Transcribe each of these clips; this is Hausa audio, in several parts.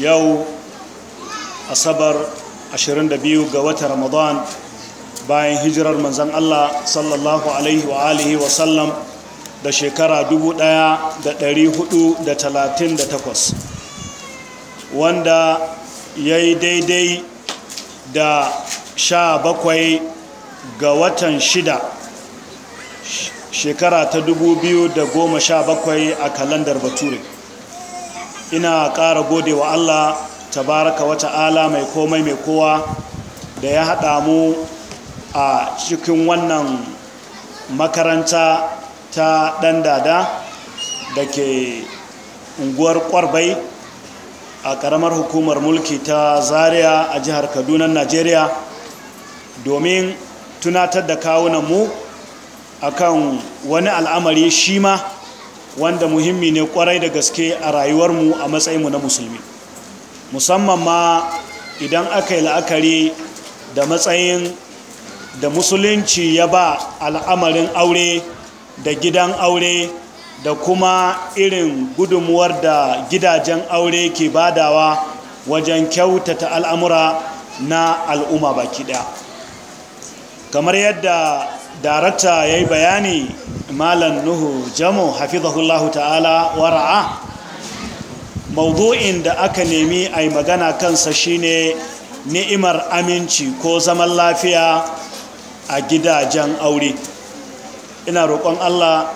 yau asabar 22 ga watan ramadan bayan hijirar manzan Allah sallallahu alaihi wa alihi wa sallam da shekara 1438 wanda ya yi daidai da 17 ga watan 6 shekara ta 2017 a kalandar bature ina ƙara gode wa Allah tabaraka wa ta'ala mai komai mai kowa da ya haɗa mu a cikin wannan makaranta ta ɗan dada da ke unguwar ƙwarbai a ƙaramar hukumar mulki ta zaria a jihar kaduna najeriya domin tunatar da kawunan mu kan wani al'amari shi ma wanda muhimmi ne kwarai da gaske a rayuwarmu a matsayinmu na musulmi musamman ma idan aka yi la'akari da matsayin da musulunci ya ba al'amarin aure da gidan aure da kuma irin gudunmuwar da gidajen aure ke badawa wajen kyautata al'amura na al'umma baki ɗaya kamar yadda darakta ya yi bayani malan nuhu jamo hafizahullahu ta'ala wara'a maudu'in da aka nemi a yi magana kansa shine ni'imar aminci ko zaman lafiya a gidajen aure ina roƙon allah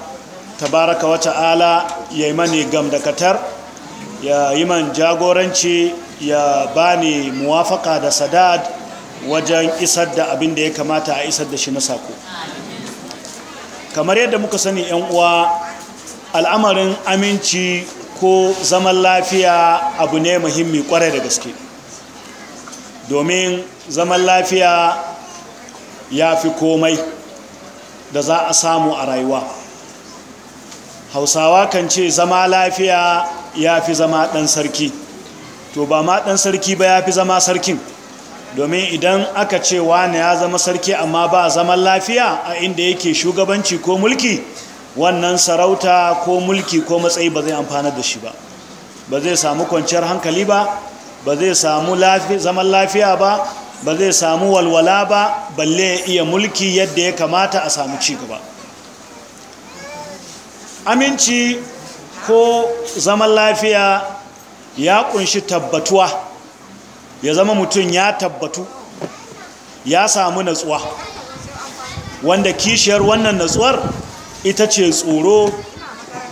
tabaraka wa ta'ala ya yi mani gamdakatar ya yi man jagoranci ya bani muwafaka da sadad wajen isar da abin da ya kamata a isar da shi na sako kamar yadda muka sani yan uwa al'amarin aminci ko zaman lafiya abu ne muhimmi kwarai da gaske domin zaman lafiya ya fi komai da za a samu a rayuwa hausawa kan ce zama lafiya ya fi zama ɗan sarki to ba ma ɗan sarki ba ya fi zama sarkin domin idan aka ce wani ya zama sarki amma ba zaman lafiya a inda yake shugabanci ko mulki wannan sarauta ko mulki ko matsayi ba zai amfana da shi ba ba zai samu kwanciyar hankali ba ba zai samu zaman lafiya ba ba zai samu walwala ba balle ya iya mulki yadda ya kamata a samu cigaba aminci ko zaman lafiya ya kunshi tabbatuwa ya zama mutum ya tabbatu ya samu natsuwa wanda kishiyar wannan natsuwar ita ce tsoro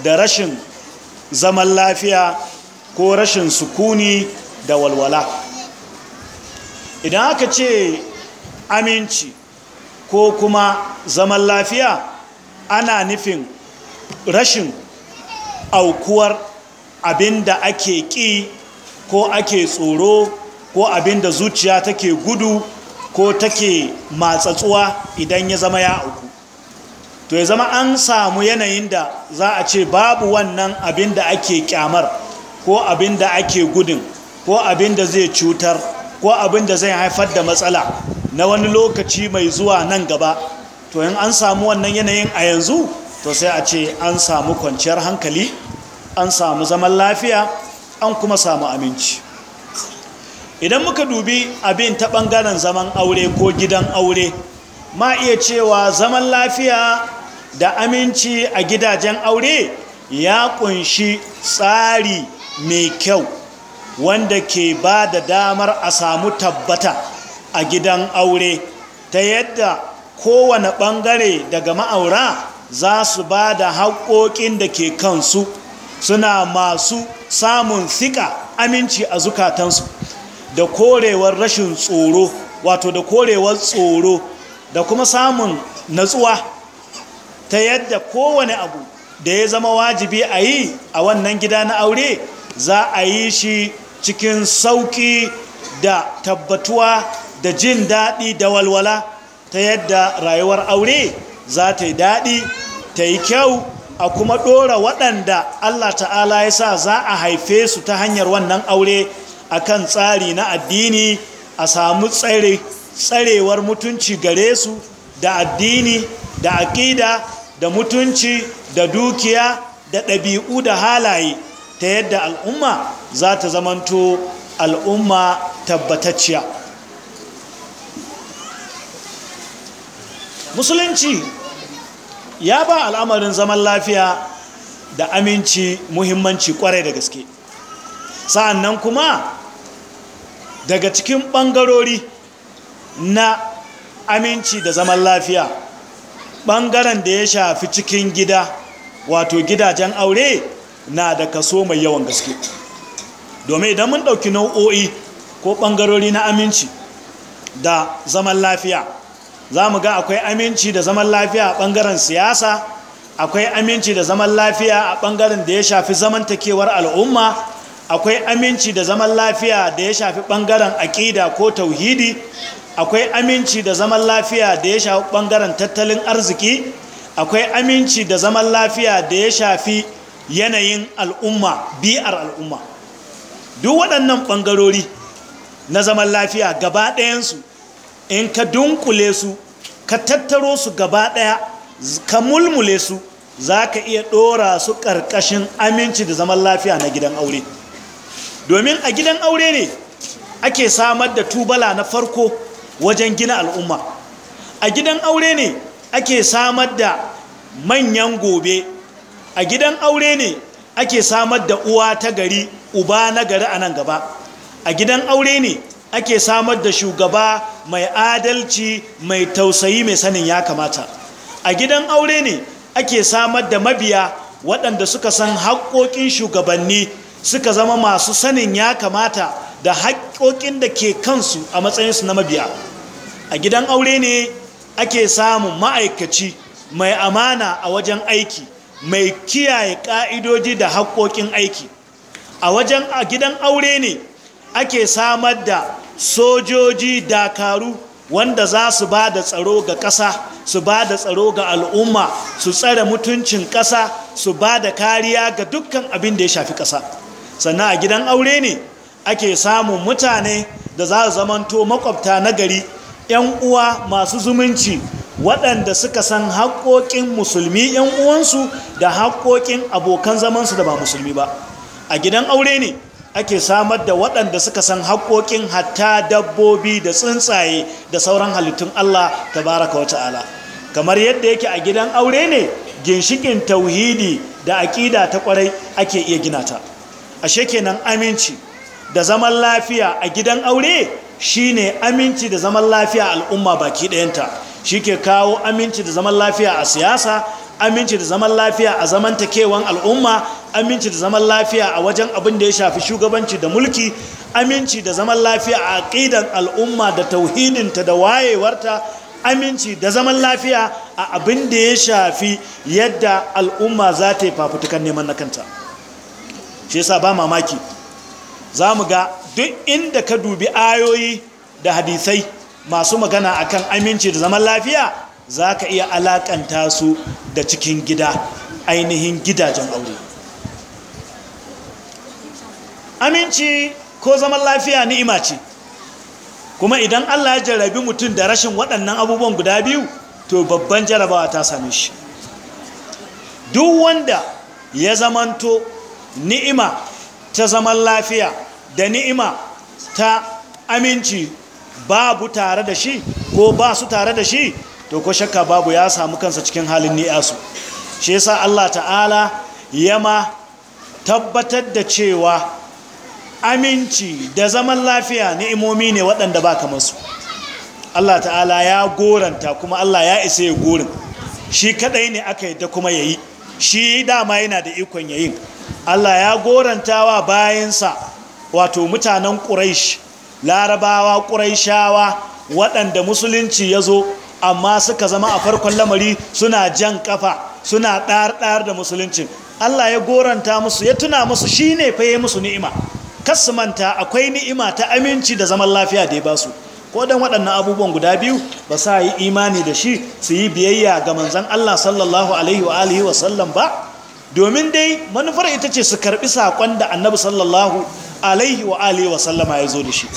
da rashin zaman lafiya ko rashin sukuni da walwala idan aka ce aminci ko kuma zaman lafiya ana nufin rashin aukuwar abinda ake ƙi ko ake tsoro ko abinda da zuciya take gudu ko take matsatsuwa idan ya zama ya auku to ya zama an samu yanayin da za a ce babu wannan abin da ake kyamar ko abin da ake gudun ko abin da zai cutar ko abin da zai haifar da matsala na wani lokaci mai zuwa nan gaba to in an samu wannan yanayin a yanzu to sai a ce an samu kwanciyar hankali an samu zaman lafiya an kuma samu aminci idan muka dubi abin ta ɓangaren zaman aure ko gidan aure ma iya cewa zaman lafiya da aminci a gidajen aure ya ƙunshi tsari mai kyau wanda ke ba da damar a samu tabbata a gidan aure ta yadda kowane ɓangare daga ma'aura za su ba da haƙoƙin da ke kansu suna masu samun sika aminci a zukatansu da korewar rashin tsoro wato da korewar tsoro da kuma samun natsuwa ta yadda kowane abu da ya zama wajibi a yi a wannan gida na aure za a yi shi cikin sauƙi da tabbatuwa da jin daɗi da walwala ta yadda rayuwar aure za ta yi daɗi ta yi kyau a kuma ɗora waɗanda Allah ta'ala ya sa za a haife su ta hanyar wannan aure akan tsari na addini a samu tsarewar mutunci gare su da addini da aƙida da mutunci da dukiya da ɗabi'u da halaye ta yadda al'umma za ta zamanto al'umma tabbatacciya musulunci ya ba al'amarin zaman lafiya da aminci muhimmanci kwarai da gaske sa'an nan kuma daga cikin ɓangarori na aminci da zaman lafiya ɓangaren da ya shafi cikin gida wato gidajen aure na da kaso mai yawan gaske domin idan mun ɗauki nau'o'i ko ɓangarori na aminci da zaman lafiya za mu ga akwai aminci da zaman lafiya a ɓangaren siyasa akwai aminci da zaman lafiya a ɓangaren da ya shafi zamantakewar al'umma akwai aminci da zaman lafiya da ya shafi ɓangaren aƙida ko tauhidi akwai aminci da zaman lafiya da ya shafi bangaren tattalin arziki akwai aminci da zaman lafiya da ya shafi yanayin al'umma biyar al'umma duk waɗannan ɓangarori na zaman lafiya gaba ɗayansu in ka dunkule su ka tattaro su gaba ɗaya ka mulmule su za ka iya ɗora su ƙarƙashin aminci da zaman lafiya na gidan aure. domin a gidan aure ne ake samar da tubala na farko wajen gina al'umma a gidan aure ne ake samar da manyan gobe a gidan aure ne ake samar da uwa ta gari uba na gari a nan gaba a gidan aure ne ake samar da shugaba mai adalci mai tausayi mai sanin ya kamata a gidan aure ne ake samar da mabiya waɗanda suka san haƙoƙin shugabanni suka zama masu sanin ya kamata da haƙƙoƙin da ke kansu a matsayinsu na mabiya a gidan aure ne ake samun ma'aikaci mai amana a wajen aiki mai kiyaye ƙa'idoji da haƙƙoƙin aiki a wajen a gidan aure ne ake samar da sojoji dakaru wanda za su ba da tsaro ga ƙasa su ba da tsaro ga al'umma su tsare mutuncin ƙasa su ba da kariya ga dukkan abin da ya shafi ƙasa sannan a gidan aure ne ake samun mutane da za su zamanto makwabta nagari 'yan uwa masu zumunci waɗanda suka san haƙoƙin musulmi 'yan uwansu da haƙoƙin abokan zamansu da ba musulmi ba a gidan aure ne ake samar da waɗanda suka san haƙoƙin hatta dabbobi da tsuntsaye da sauran halittun Allah tabaraka wa ta'ala kamar yadda yake a gidan aure ne ginshikin tauhidi da aƙida ta ƙwarai ake iya gina ta ashe kenan aminci da zaman lafiya a gidan aure shine aminci da zaman lafiya al'umma baki ɗayanta shi ke kawo aminci da zaman lafiya a siyasa aminci da zaman lafiya a zamantakewan al'umma aminci da zaman lafiya a wajen abin da ya shafi shugabanci da mulki aminci da zaman lafiya a aƙidan al'umma da tauhidinta da wayewarta aminci da zaman lafiya a abin da ya shafi yadda al'umma za ta yi fafutukan neman na kanta shi yasa ba mamaki za mu ga duk inda ka dubi ayoyi da hadisai masu magana akan aminci da zaman lafiya za ka iya alakanta su da cikin gida ainihin gidajen aure aminci ko zaman lafiya ni'ima ce kuma idan Allah ya jarabi mutum da rashin waɗannan abubuwan guda biyu to babban jarabawa ta same shi duk wanda ya zamanto ni'ima ta zaman lafiya da ni'ima ta aminci babu tare da shi ko ba su tare da shi to ko shakka babu ya samu kansa cikin halin ni'asu shi yasa Allah ta'ala ya ma tabbatar da cewa aminci da zaman lafiya ni'imomi ne waɗanda ba kamar su Allah ta'ala ya goranta kuma Allah ya isa ya gorin shi kadai ne aka yi da kuma yayi shi dama yana da ikon yayin Allah ya goranta wa bayansa wato mutanen ƙuraish larabawa ƙuraishawa waɗanda musulunci ya zo amma suka zama a farkon lamari suna jan kafa suna ɗar-ɗar da musuluncin Allah ya goranta musu ya tuna musu shi ne faye musu ni'ima manta akwai ni'ima ta aminci da zaman lafiya da ya ba su ko don waɗannan abubuwan guda biyu ba sa yi imani da shi su yi biyayya ga manzan Allah sallallahu alaihi wa alihi wa sallam ba domin dai manufar ita ce su karbi sakon da annabi sallallahu alaihi wa alihi wa sallama ya zo da shi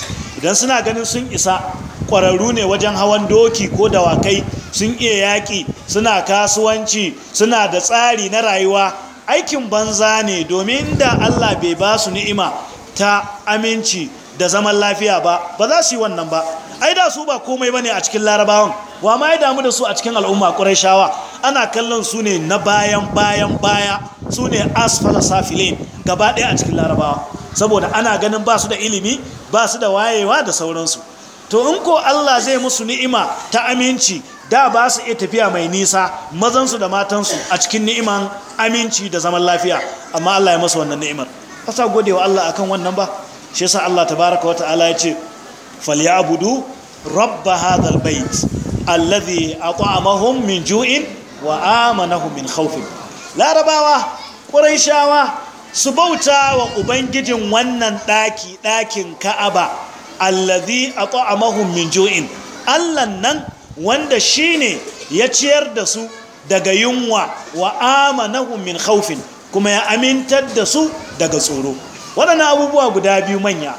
idan suna ganin sun isa kwararru ne wajen hawan doki ko dawakai sun iya yaƙi suna kasuwanci suna da tsari na rayuwa aikin banza ne domin da Allah bai ba su ni'ima ta aminci da zaman lafiya ba ba za su yi wannan ba ai da su ba komai bane a cikin larabawan wa ma ya damu da su a cikin al'umma ƙurashawa ana kallon su ne na bayan bayan baya su ne asfala safilin gaba ɗaya a cikin larabawa saboda ana ganin ba su da ilimi ba su da wayewa da sauransu to in ko Allah zai musu ni'ima ta aminci da ba su iya tafiya mai nisa mazansu da matansu a cikin ni'iman aminci da zaman lafiya amma Allah ya musu wannan ni'imar kasa gode wa Allah akan wannan ba shi yasa Allah tabaraka wa ta'ala ya ce falyabudu rabb hadha albayt allazi at'amahum min ju'in wa amanahum min khawfin larabawa quraishawa su bauta wa ubangijin wannan daki dakin ka'aba allazi at'amahum min ju'in allan nan wanda shine ya ciyar da su daga yunwa wa amanahum min khawfin kuma ya amintar da su daga tsoro waɗannan abubuwa guda biyu manya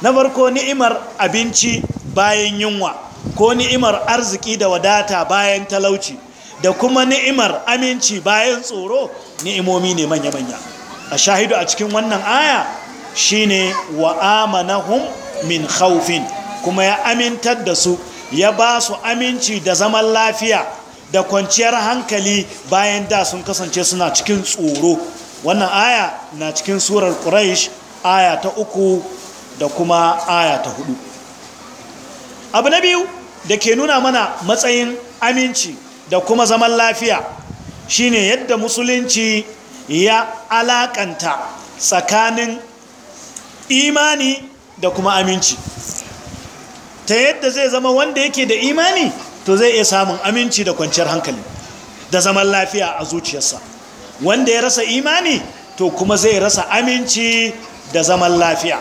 na farko ni'imar abinci bayan yunwa ko ni'imar arziki da wadata bayan talauci da kuma ni'imar aminci bayan tsoro ni'imomi ne manya-manya a shahidu a cikin wannan aya shine wa amanahum min haufin kuma ya amintar da su ya ba su aminci da zaman lafiya da kwanciyar hankali bayan da sun kasance suna cikin tsoro wannan aya na cikin surar quraish aya ta uku da kuma aya ta hudu abu na biyu da ke nuna mana matsayin aminci da kuma zaman lafiya shine yadda musulunci ya alakanta tsakanin imani da kuma aminci ta yadda zai zama wanda yake da imani to zai iya samun aminci da kwanciyar hankali da zaman lafiya a zuciyarsa wanda ya rasa imani to kuma zai rasa aminci da zaman lafiya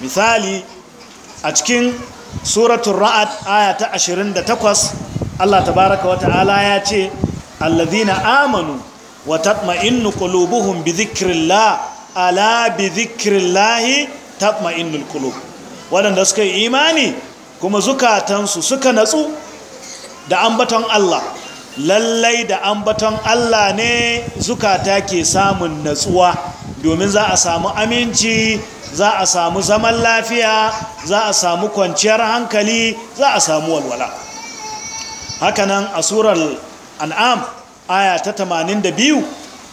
misali a cikin suratul ra'ad aya ta 28 Allah tabaraka wa ta'ala ya ce allazina amanu wa tatma'innu qulubuhum bi dhikrillah ala bi dhikrillah tatma'innul qulub wadanda suka yi imani kuma zukatansu suka natsu da ambaton Allah lallai da ambaton Allah ne zukata ke samun natsuwa domin za a samu aminci za a samu zaman lafiya za a samu kwanciyar hankali za a samu walwala hakanan a surar an'am aya ta 82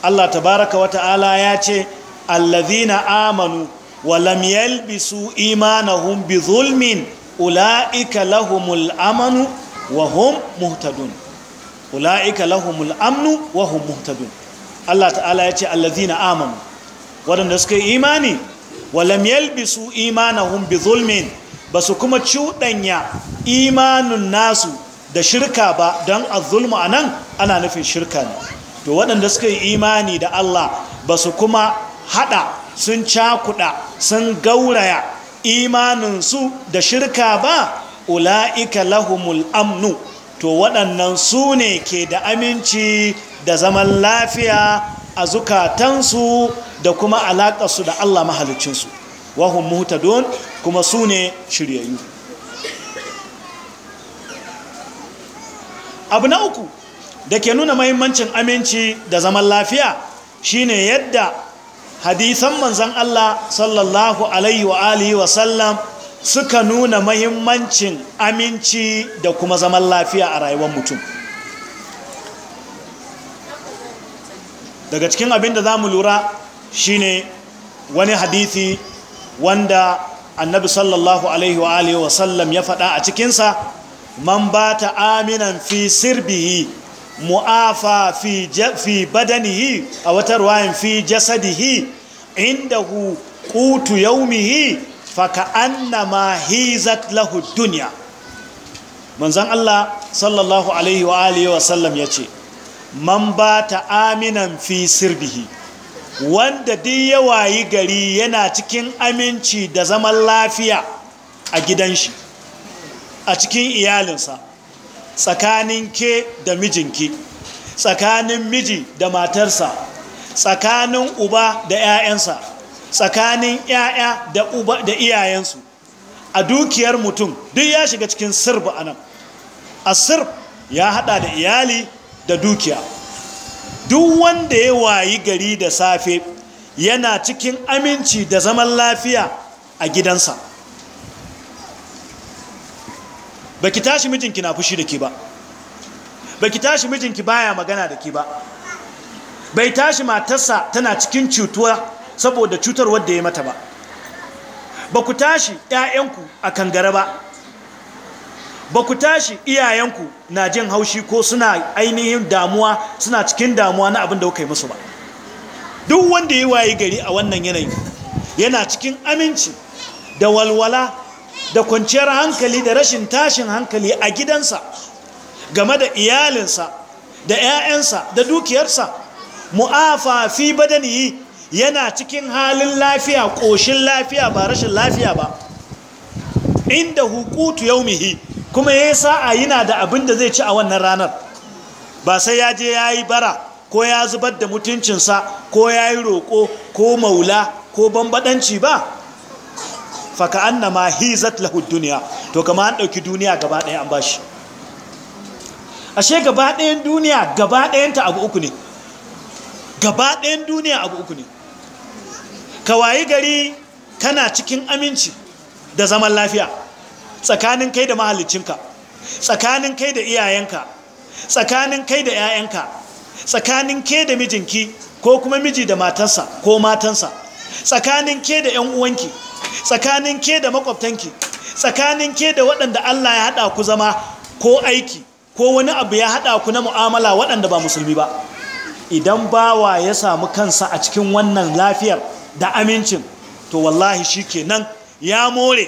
Allah tabaraka wa ta'ala ya ce allazina amanu wa lam yalbisu imanahum bi zulmin ula'ika lahumul amanu wa hum muhtadun ula'ika lahumul amnu wa hum muhtadun Allah ta'ala ya ce allazina amanu Wadanda suka yi imani walam yalbisu imanahum bi zulmin basu kuma cuɗanya imanun nasu da shirka ba don a anan ana nufin shirka ne to waɗanda suka yi imani da Allah basu kuma haɗa sun cakuɗa sun gauraya imaninsu da shirka ba ula'ika lahumul amnu to waɗannan su ne ke da aminci da zaman lafiya a zukatansu da kuma alaƙarsu da Allah mahalicinsu wahun don kuma su ne shiryayyu abu na uku da ke nuna mahimmancin aminci da zaman lafiya shine yadda hadisan manzan Allah sallallahu alaihi wa alihi wa sallam suka nuna mahimmancin aminci da kuma zaman lafiya a rayuwar mutum daga cikin abin da za mu lura shi ne wani hadithi wanda annabi sallallahu alaihi wa wa sallam ya faɗa a cikinsa man ba ta aminan fi sirbihi mu'afa fi badanihi a wata ruwayan fi jasadihi inda hu kutu yaumihi faka ma hizat lahu duniya manzan Allah sallallahu alaihi wa sallam ya ce man ba ta aminan fi sirbihi wanda duk ya wayi gari yana cikin aminci da zaman lafiya a gidan shi a cikin iyalinsa tsakanin ke da mijinki tsakanin miji da matarsa tsakanin uba da 'ya'yansa tsakanin 'ya'ya da uba da iyayensu a dukiyar mutum duk ya shiga cikin sirbi anan a sirb ya hada da iyali da dukiya duk wanda ya wayi gari da safe yana cikin aminci da zaman lafiya a gidansa ba ki tashi mijinki na fushi da ki ba ba ki tashi mijinki baya magana da ki ba bai tashi matarsa tana cikin cutuwa saboda cutar wadda ya mata ba ba ku tashi 'ya'yanku a kangare ba ba ku tashi iyayenku na jin haushi ko suna ainihin damuwa suna cikin damuwa na abin da kuka yi musu ba duk wanda ya waye gari a wannan yanayi yana cikin aminci da walwala da kwanciyar hankali da rashin tashin hankali a gidansa game da iyalinsa da 'ya'yansa da dukiyarsa mu'afa fi yi yana cikin halin lafiya ƙoshin lafiya ba rashin lafiya ba inda hukutu yaumihi kuma ya sa'a yana da abin da zai ci a wannan ranar ba sai ya je ya yi bara ko ya zubar da mutuncinsa ko ya yi roƙo ko maula ko banbaɗanci ba faka an na ma hizat lahud duniya to kama an ɗauki duniya gaba ɗaya an bashi ashe gaba ɗayan duniya gaba ɗayanta abu uku ne gaba ɗayan duniya abu uku ne ka wayi gari kana cikin aminci da zaman lafiya tsakanin kai da mahaliccinka tsakanin kai da iyayenka tsakanin kai da 'ya'yanka tsakanin ke da mijinki ko kuma miji da matansa ko matansa tsakanin ke da 'yan uwanki tsakanin ke da makwabtanki tsakanin ke da waɗanda Allah ya haɗa ku zama ko aiki ko wani abu ya haɗa ku na mu'amala waɗanda ba musulmi ba idan bawa ya samu kansa a cikin wannan lafiyar da amincin to wallahi shi kenan ya more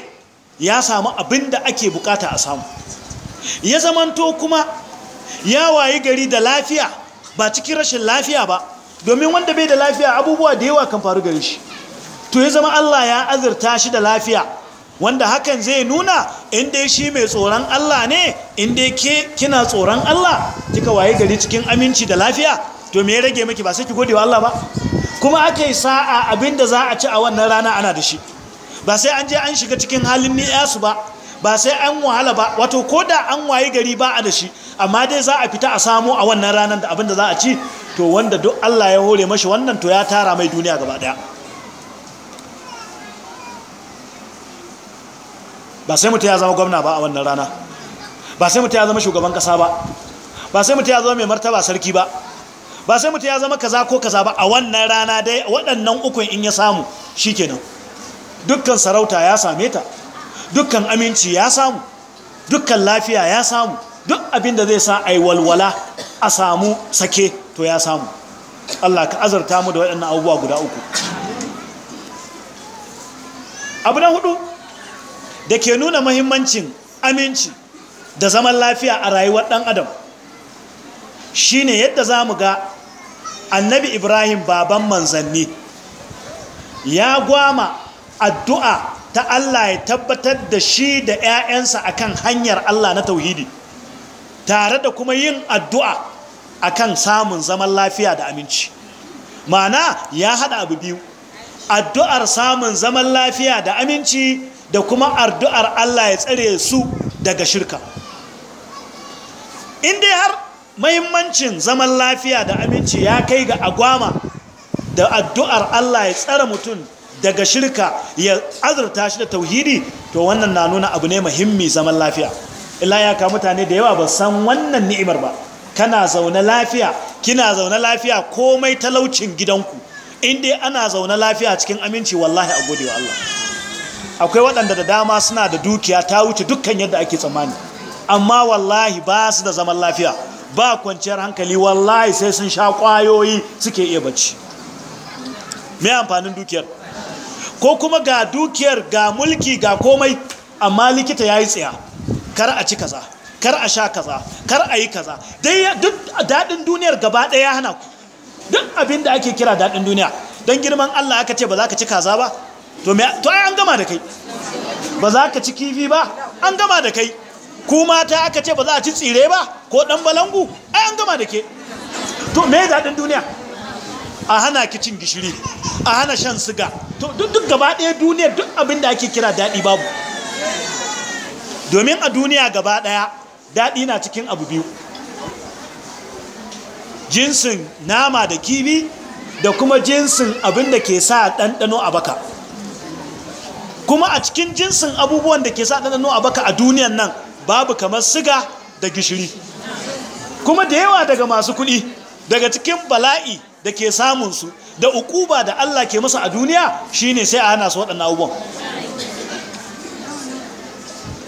ya samu abin da ake bukata a samu ya zamanto kuma ya wayi gari da lafiya ba cikin rashin lafiya ba domin wanda bai da lafiya abubuwa da yawa kan faru gari shi to ya zama Allah ya azurta shi da lafiya wanda hakan zai nuna inda shi mai tsoron Allah ne inda ke kina tsoron Allah kika wayi gari cikin aminci da lafiya to me ya rage miki ba sai ki gode wa Allah ba kuma akai sa'a abinda za a ci a wannan rana ana da shi ba sai an je an shiga cikin halin ni'yasu ba ba sai an wahala ba wato ko da an wayi gari ba a da shi amma dai za a fita a samo a wannan ranar da abin da za a ci to wanda duk Allah ya hore mashi wannan to ya tara mai duniya gaba daya ba sai mutum ya zama gwamna ba a wannan rana ba sai mutum ya zama shugaban kasa ba ba sai mutum ya zama mai martaba sarki ba ba sai mutum ya zama kaza ko kaza ba a wannan rana dai waɗannan ukun in ya samu shikenan dukkan sarauta ya same ta dukkan aminci ya samu dukkan lafiya ya samu duk abin da zai sa yi walwala a samu sake to ya samu Allah ka azarta mu da waɗannan abubuwa guda uku abu na hudu da ke nuna mahimmancin aminci da zaman lafiya a rayuwar ɗan adam shi ne yadda za mu ga annabi ibrahim baban manzanni ya gwama addu'a ta Allah ya tabbatar da shi da 'ya'yansa akan hanyar Allah na tauhidi tare da kuma yin addu'a akan samun zaman lafiya da aminci mana ya haɗa abu biyu addu'ar samun zaman lafiya da aminci da kuma addu'ar Allah ya tsare su daga shirka in dai har mahimmancin zaman lafiya da aminci ya kai ga agwama da addu'ar Allah ya tsara mutum daga shirka ya azurta shi da tauhidi to wannan na nuna abu ne muhimmi zaman lafiya Ila ya ka mutane da yawa ba san wannan ni'imar ba kana zaune lafiya kina zaune lafiya komai talaucin gidanku in dai ana zaune lafiya cikin aminci wallahi a gode wa Allah akwai waɗanda da dama suna da dukiya ta wuce dukkan yadda ake tsammani amma wallahi ba su da zaman lafiya ba kwanciyar hankali wallahi sai sun sha kwayoyi suke iya bacci me amfanin dukiyar ko kuma ga dukiyar ga mulki ga komai amma likita ya yi tsaya kar a ci kaza kar a sha kaza kar a yi kaza duk daɗin duniyar gaba ɗaya ya hana ku duk abin da ake kira daɗin duniya don girman Allah aka ce ba za ka ci kaza ba to ai an gama da kai ba za ka ci kifi ba an gama da kai ku mata aka ce ba za a ci tsire ba ko ɗan balangu ai an gama da ke to me daɗin duniya a hana ki cin gishiri a hana shan siga to duk gaba ɗaya duniya duk abin da ake kira daɗi babu domin a duniya gaba ɗaya daɗi na cikin abu biyu jinsin nama da kibi da kuma jinsin abin da ke sa ɗanɗano a baka kuma a cikin jinsin abubuwan da ke sa ɗanɗano a baka a duniyan nan babu kamar siga da gishiri kuma da yawa daga masu kuɗi daga cikin bala'i da ke samunsu da ukuba da Allah ke masa a duniya shine sai a hana su waɗannan abubuwan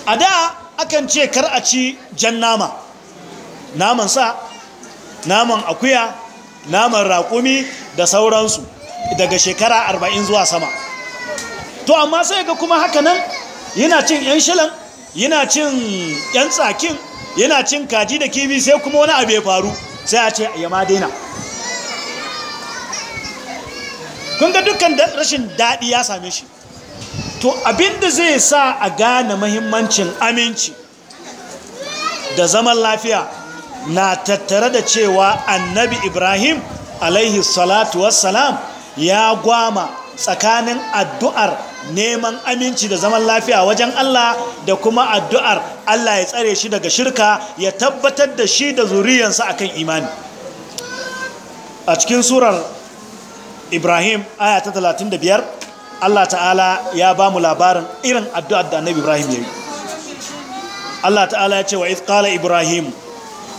a da akan ce kar a ci jan nama naman sa naman akuya naman raƙumi da sauransu daga shekara arba'in zuwa sama to amma sai ga kuma haka nan yana cin yan shilan yana cin yan tsakin yana cin kaji da kibi sai kuma wani abu ya faru sai a ce ya ma daina kun ga dukkan rashin daɗi ya same shi to abinda zai sa a gane mahimmancin aminci da zaman lafiya na tattare da cewa annabi ibrahim alaihi salatu wassalam ya gwama tsakanin addu'ar neman aminci da zaman lafiya wajen Allah da kuma addu'ar Allah ya tsare shi daga shirka ya tabbatar da shi da zuriyansa akan imani a cikin surar Ibrahim aya ta 35 Allah ta'ala ya ba mu labarin irin addu'ar da annabi Ibrahim ya yi Allah ta'ala ya ce wa izqala Ibrahim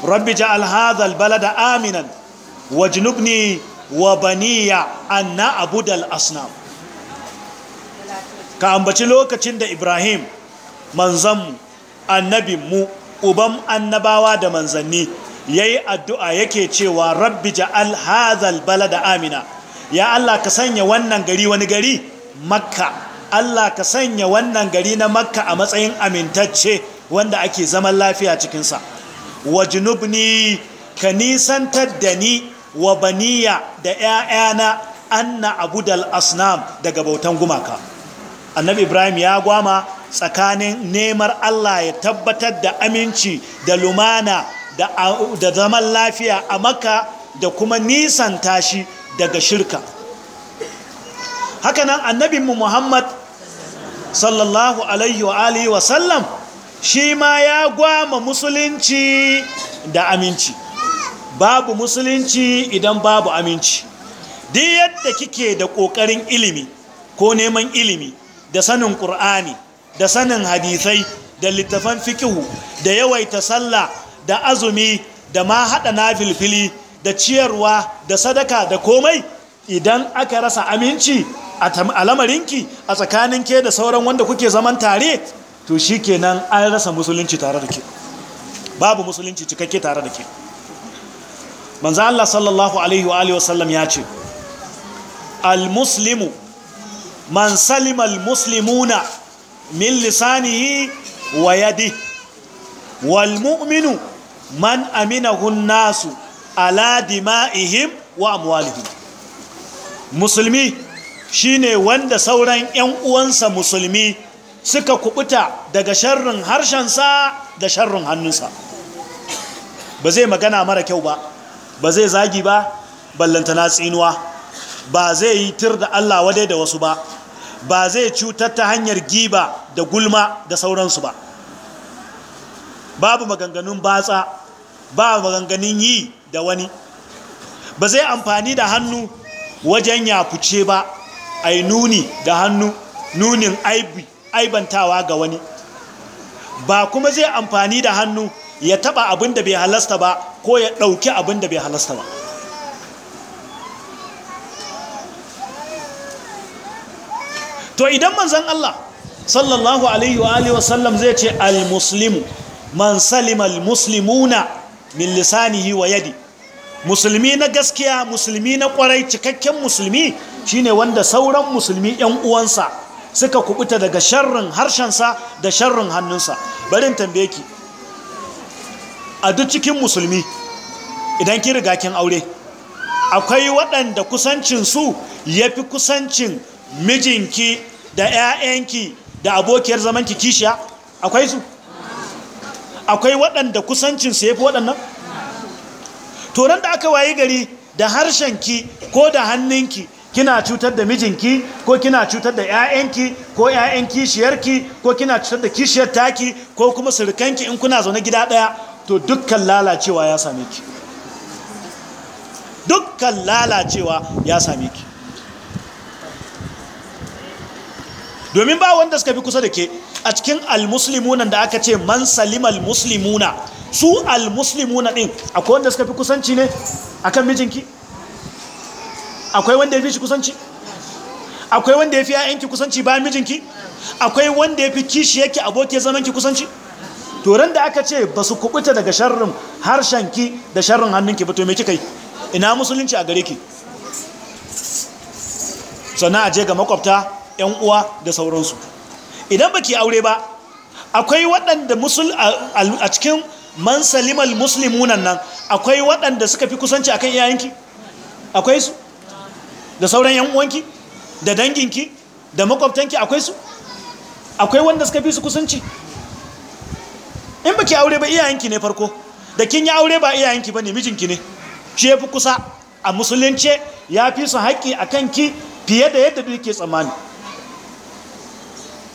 rabbi ja'al hadha balada aminan wajnubni wa baniya an na'budu al-asnam ka ambaci lokacin da Ibrahim manzanmu mu uban annabawa da manzanni yayi addu'a yake cewa rabbi ja'al hadha da amina ya Allah ka sanya wannan gari wani gari makka Allah ka sanya wannan gari na makka a matsayin amintacce wanda ake zaman lafiya cikinsa wa junubni ka nisantar da ni wa baniya da ‘ya'yana anna da asnam daga bautan gumaka annabi ibrahim ya gwama tsakanin nemar Allah ya tabbatar da aminci da lumana da zaman lafiya a maka da kuma nisan tashi daga shirka hakanan annabinmu muhammad sallallahu alaihi wa wa sallam shi ma ya gwama musulunci da aminci babu musulunci idan babu aminci duk yadda kike da ƙoƙarin ilimi ko neman ilimi da sanin ƙur'ani da sanin hadisai da littafan fikihu da yawaita sallah da azumi da ma haɗa na filfili da ciyarwa da sadaka da komai idan aka rasa aminci a lamarinki a tsakanin ke da sauran wanda kuke zaman tare to shi kenan an rasa musulunci tare da ke babu musulunci cikakke tare da ke manzo Allah sallallahu alaihi wa alihi wasallam ya ce al-muslimu man salima al-muslimuna min lisanihi wa yadi wal mu'minu man amina an-nasu ala dima'ihim wa amwalihim musulmi shine wanda sauran yan uwansa musulmi suka kubuta daga sharrin harshensa da sharrin hannunsa ba zai magana mara kyau ba ba zai zagi ba ballantana tsinuwa ba zai yi tir da Allah wadai da wasu ba ba zai cutar ta hanyar giba da gulma da sauransu ba babu maganganun batsa ba maganganun yi da wani ba zai amfani da hannu wajen ya yafuce ba a nuni da hannu nunin aibantawa ga wani ba kuma zai amfani da hannu ya taba abin da bai halasta ba ko ya ɗauki abin da bai halasta ba to idan manzan Allah sallallahu alaihi wa alihi wasallam zai ce al-muslimu man salima al-muslimuna min lisanihi wa yadi musulmi na gaskiya musulmi na kwarai cikakken musulmi shine wanda sauran musulmi yan uwansa suka kubuta daga sharrin harshensa da sharrin hannunsa barin tambaye ki a duk cikin musulmi idan ki riga kin aure akwai waɗanda kusancinsu ya fi kusancin mijinki da 'ya'yanki da abokiyar zamanki kishiya akwai su akwai waɗanda kusancinsu ya fi waɗannan to ran da aka wayi gari da harshenki ko da hannunki kina cutar da mijinki ko kina cutar da 'ya'yanki ko 'ya'yan kishiyarki ko kina cutar da kishiyar taki ko kuma surkanki in kuna zaune gida ɗaya to dukkan lalacewa ya same ki dukkan lalacewa ya same ki domin ba wanda suka fi kusa da ke a cikin almuslimuna da aka ce man salimal muslimuna su na ɗin akwai wanda suka fi kusanci ne akan mijinki akwai wanda ya fi kusanci akwai wanda ya fi ƴaƴanki kusanci bayan mijinki akwai wanda ya fi kishi yake abokin zamanki kusanci to ran da aka ce ba su kubuta daga sharrin harshenki da sharrin hannunki ba to me kika yi ina musulunci a gare ki sannan a je ga makwabta yan uwa da sauransu idan baki aure ba akwai waɗanda musul a cikin man salimal muslimunan nan akwai waɗanda suka fi kusanci akan iyayenki akwai su da sauran yan'uwanki da danginki da makwabtanki akwai su akwai wanda suka fi su kusanci in ki aure ba iyayenki ne farko da kin yi aure ba iyayenki ba ne, mijinki ne shi fi kusa a musulunce ya fi su haƙƙi a kanki fiye da yadda duke tsammani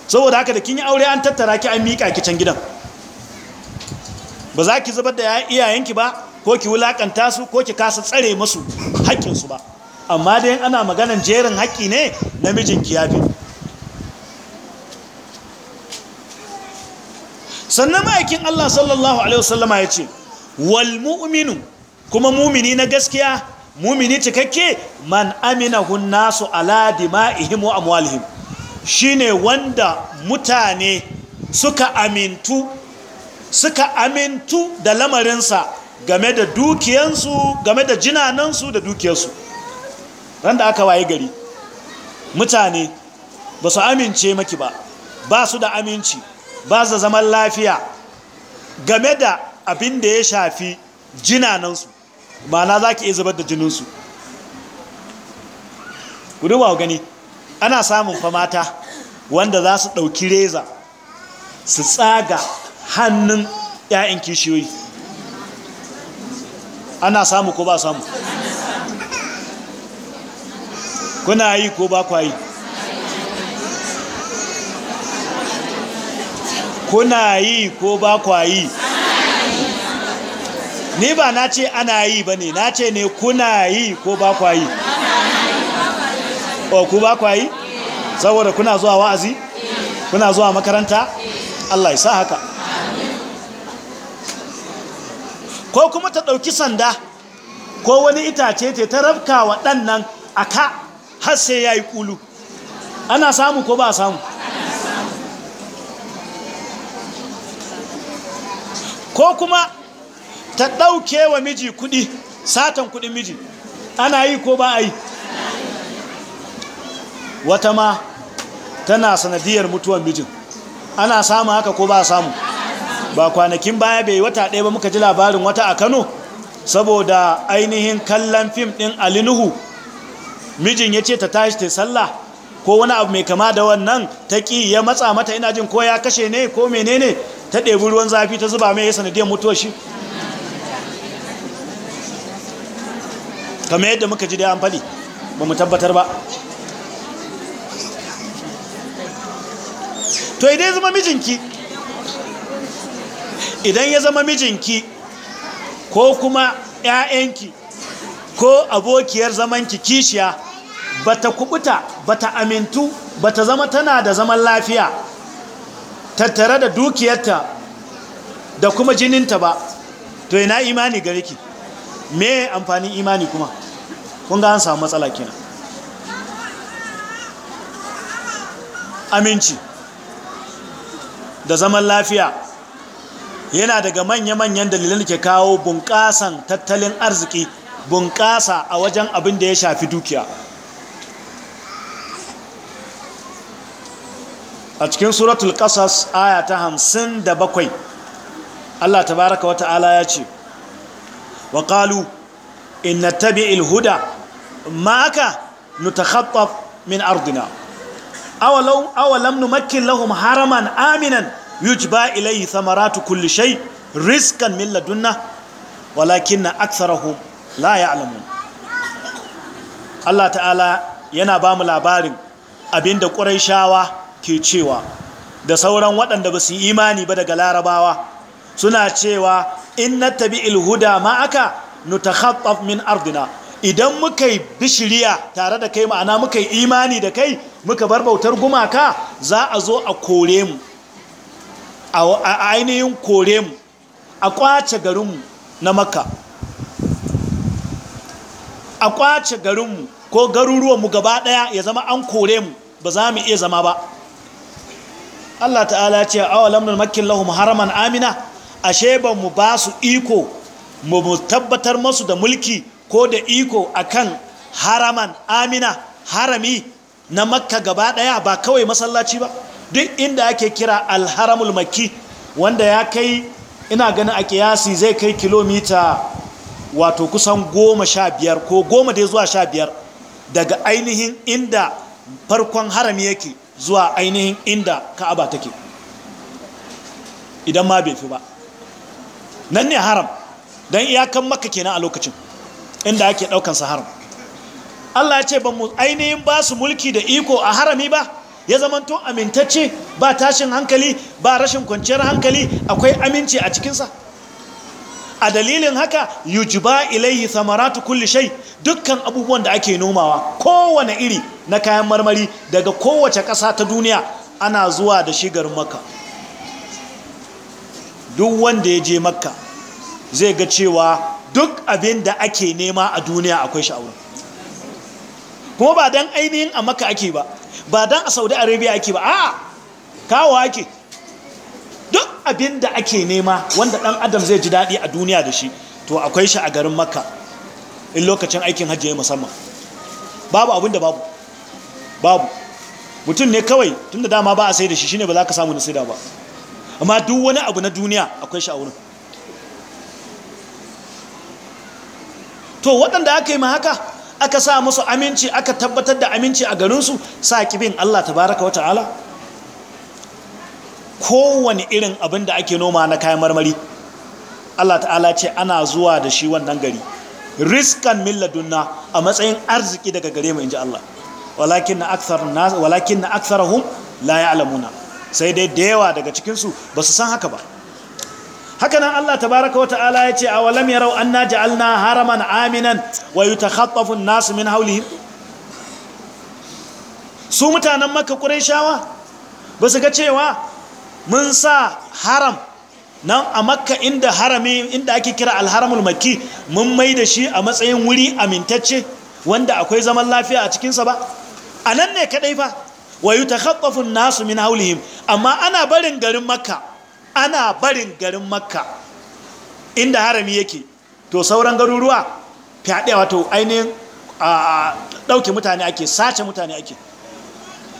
saboda haka da kin yi aure an tattara ki an miƙa ki can gidan ba za ki zubar da iyayenki ba ko ki wulakanta su ko ki kasa tsare masu haƙƙinsu ba amma dai ana maganan jerin haƙƙi ne namijinki kiyafi. sannan ma'aikin Allah sallallahu alaihi wasallama ya ce wal mu'minu kuma mumini na gaskiya mumini cikakke man aminahu nasu ala dima'ihim wa amwalihim shine wanda mutane suka amintu suka amintu da lamarinsa game da dukiyansu game da jinanansu da dukiyarsu ran da aka waye gari mutane ba su amince maki ba ba su da aminci ba su zaman lafiya game da abin da ya shafi jinanansu mana za ki iya zubar da jininsu kudu ba gani ana samun famata wanda za su ɗauki reza su tsaga hannun 'ya'yan kishiyoyi ana samu ko ba samu kuna yi ko ba kwa yi kuna yi ko ba kwa yi ni ba na ce ana yi ba ne na ce ne kuna yi ko ba kwa yi o oh, ku ba kwa yi saboda kuna zuwa wa'azi kuna zuwa makaranta Allah ya sa haka ko kuma ta ɗauki sanda ko wani itace ta ta rabka wa ɗan nan a ka har sai ya yi ƙulu ana samu ko ba samu ko kuma ta ɗauke wa miji kuɗi satan kuɗin miji ana yi ko ba a yi wata ma tana sanadiyar mutuwan mijin ana samu haka ko ba samu ba kwanakin baya bai wata ɗaya ba muka ji labarin wata a kano saboda ainihin kallon fim ɗin alinuhu mijin ya ce ta tashi ta sallah ko wani abu mai kama da wannan ta ƙi ya matsa mata ina jin ko ya kashe ne ko menene ta ɗebi ruwan zafi ta zuba mai ya sanadiyar mutuwa shi kamar yadda muka ji dai an fali ba mu tabbatar ba to idai zama mijinki idan ya zama mijinki ko kuma 'ya'yanki ko abokiyar zamanki kishiya bata kubuta bata amintu bata zama tana da zaman lafiya tattare da dukiyarta da kuma jininta ba to yana imani gare ki me amfani imani kuma kun ga an samu matsala kina. aminci da zaman lafiya yana daga manya-manyan dalilan da ke kawo bunƙasan tattalin arziki bunƙasa a wajen abin da ya shafi dukiya a cikin suratul ƙasas aya ta hamsin da bakwai Allah tabaraka wata ala ya ce wa ƙalu inna tabi ilhuda maka nutakhattaf min ardina awalam numakkin lahum haraman aminan yujba ilayhi thamaratu kulli shay rizqan min ladunna walakinna aktharuhum la ya'lamun Allah ta'ala yana ba mu labarin abinda Qurayshawa ke cewa da sauran waɗanda ba su imani ba daga Larabawa suna cewa inna tabi'il huda ma'aka nutakhattaf min ardina idan muka yi bishiriya tare da kai ma'ana muka yi imani da kai muka bar bautar gumaka za a zo a kore mu a ainihin kore mu a kwace garinmu na makka a kwace garinmu ko garuruwanmu gaba daya ya zama an kore mu ba za mu iya zama ba Allah ta'ala ce awa lamnar makin lahum haraman amina ashe ba mu ba su iko mu tabbatar masu da mulki ko da iko akan haraman amina harami na makka gaba daya ba kawai masallaci ba duk inda ake kira alharamul maki wanda ya kai ina ganin a kiyasi zai kai kilomita wato kusan goma sha biyar ko goma dai zuwa sha biyar daga ainihin inda farkon harami yake zuwa ainihin inda ka'aba take idan ma bai fi ba nan ne haram don iyakan maka kenan a lokacin inda ake daukansa haram Allah ya ce ba mu ainihin ba su mulki da iko a harami ba ya zamanto amintacce ba tashin hankali ba rashin kwanciyar hankali akwai aminci a cikinsa a dalilin haka yujiba ilayhi samaratu kulli shay dukkan abubuwan da ake nomawa kowane iri na kayan marmari daga kowace ƙasa ta duniya ana zuwa da shigar makka duk wanda ya je makka zai ga cewa duk abin da ake nema a duniya akwai sha'awar kuma ba dan ainihin a maka ake ba ba dan a saudi arabia ake ba a'a kawo ake duk abin da ake nema wanda dan adam zai ji daɗi a duniya da shi to akwai shi a garin makka in lokacin aikin hajji ya musamman babu abin da babu babu mutum ne kawai tun da dama ba a sai da shi shine ba za ka samu na da ba amma duk wani abu na duniya akwai shi a wurin to waɗanda aka yi ma haka aka sa musu aminci aka tabbatar da aminci a garinsu sa kibin Allah tabaraka wa ta'ala kowane irin abin da ake noma na kayan marmari Allah ta'ala ce ana zuwa da shi wannan gari riskan milladunna a matsayin arziki daga gare mu inji Allah walakin na aksarahum la alamuna sai dai da yawa daga cikinsu ba su san haka ba haka nan Allah tabaraka wa ta'ala ya ce a walam na anna ja'alna haraman aminan wa yutakhaffafu an-nasu min hawlihim su mutanen makka qurayshawa ba su ga cewa mun sa haram nan a makka inda harami inda ake kira alharamul makki mun mai da shi a matsayin wuri amintacce wanda akwai zaman lafiya a cikinsa ba a nan ne kadai fa wa yutakhaffafu nasu min hawlihim amma ana barin garin makka ana barin garin makka inda harami yake to sauran garuruwa fiye wato ainihin ɗauke mutane ake sace mutane ake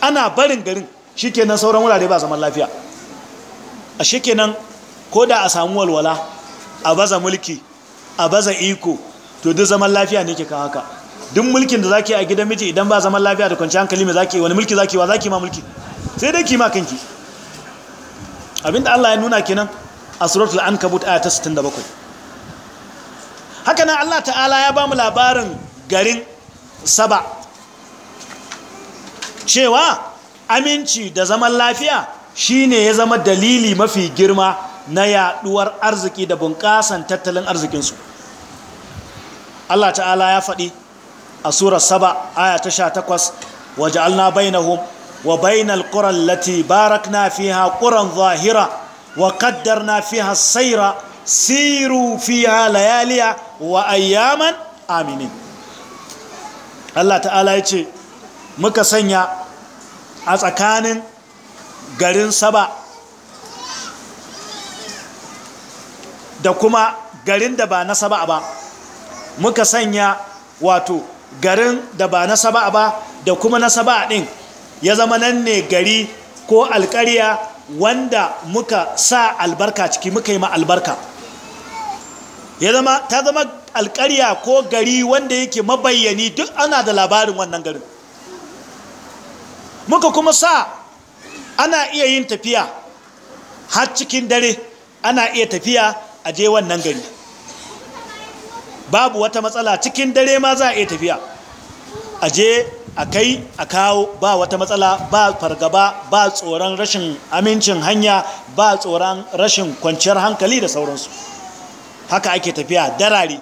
ana barin garin shi kenan sauran wurare ba zaman lafiya a shi kenan ko da a samu walwala a baza mulki a baza iko to duk zaman lafiya ne ke kan haka duk mulkin da zaki a gidan miji idan ba zaman lafiya da kwanciyar hankali mai zaki wani mulki zaki wa zaki ma mulki sai dai kima kanki abinda Allah ya nuna kenan a suratul ankabut aya ta 67 haka nan Allah ta'ala ya ba mu labarin garin saba cewa aminci da zaman lafiya shine ya zama dalili mafi girma na yaduwar arziki da bunƙasan tattalin arzikinsu Allah ta'ala ya faɗi a surar saba aya ta 18 waje alna bainahum wa bainal qura allati barakna fiha quran zahira wa qaddarna fiha sayra siru fiha layaliya wa ayyaman aminin Allah ta'ala ya ce muka sanya a tsakanin garin saba da kuma garin da ba na saba ba muka sanya wato garin da ba na saba ba da kuma na saba ɗin ya zama nan ne gari ko alƙarya wanda muka sa albarka ciki muka yi ma albarka ya zama ta zama alƙarya ko gari wanda yake mabayyani duk ana da labarin wannan garin muka kuma sa ana iya yin tafiya har cikin dare ana iya tafiya a je wannan gari babu wata matsala cikin dare ma za a iya tafiya a je a kai a kawo ba wata matsala ba fargaba ba tsoron rashin amincin hanya ba tsoron rashin kwanciyar hankali da sauransu haka ake tafiya darare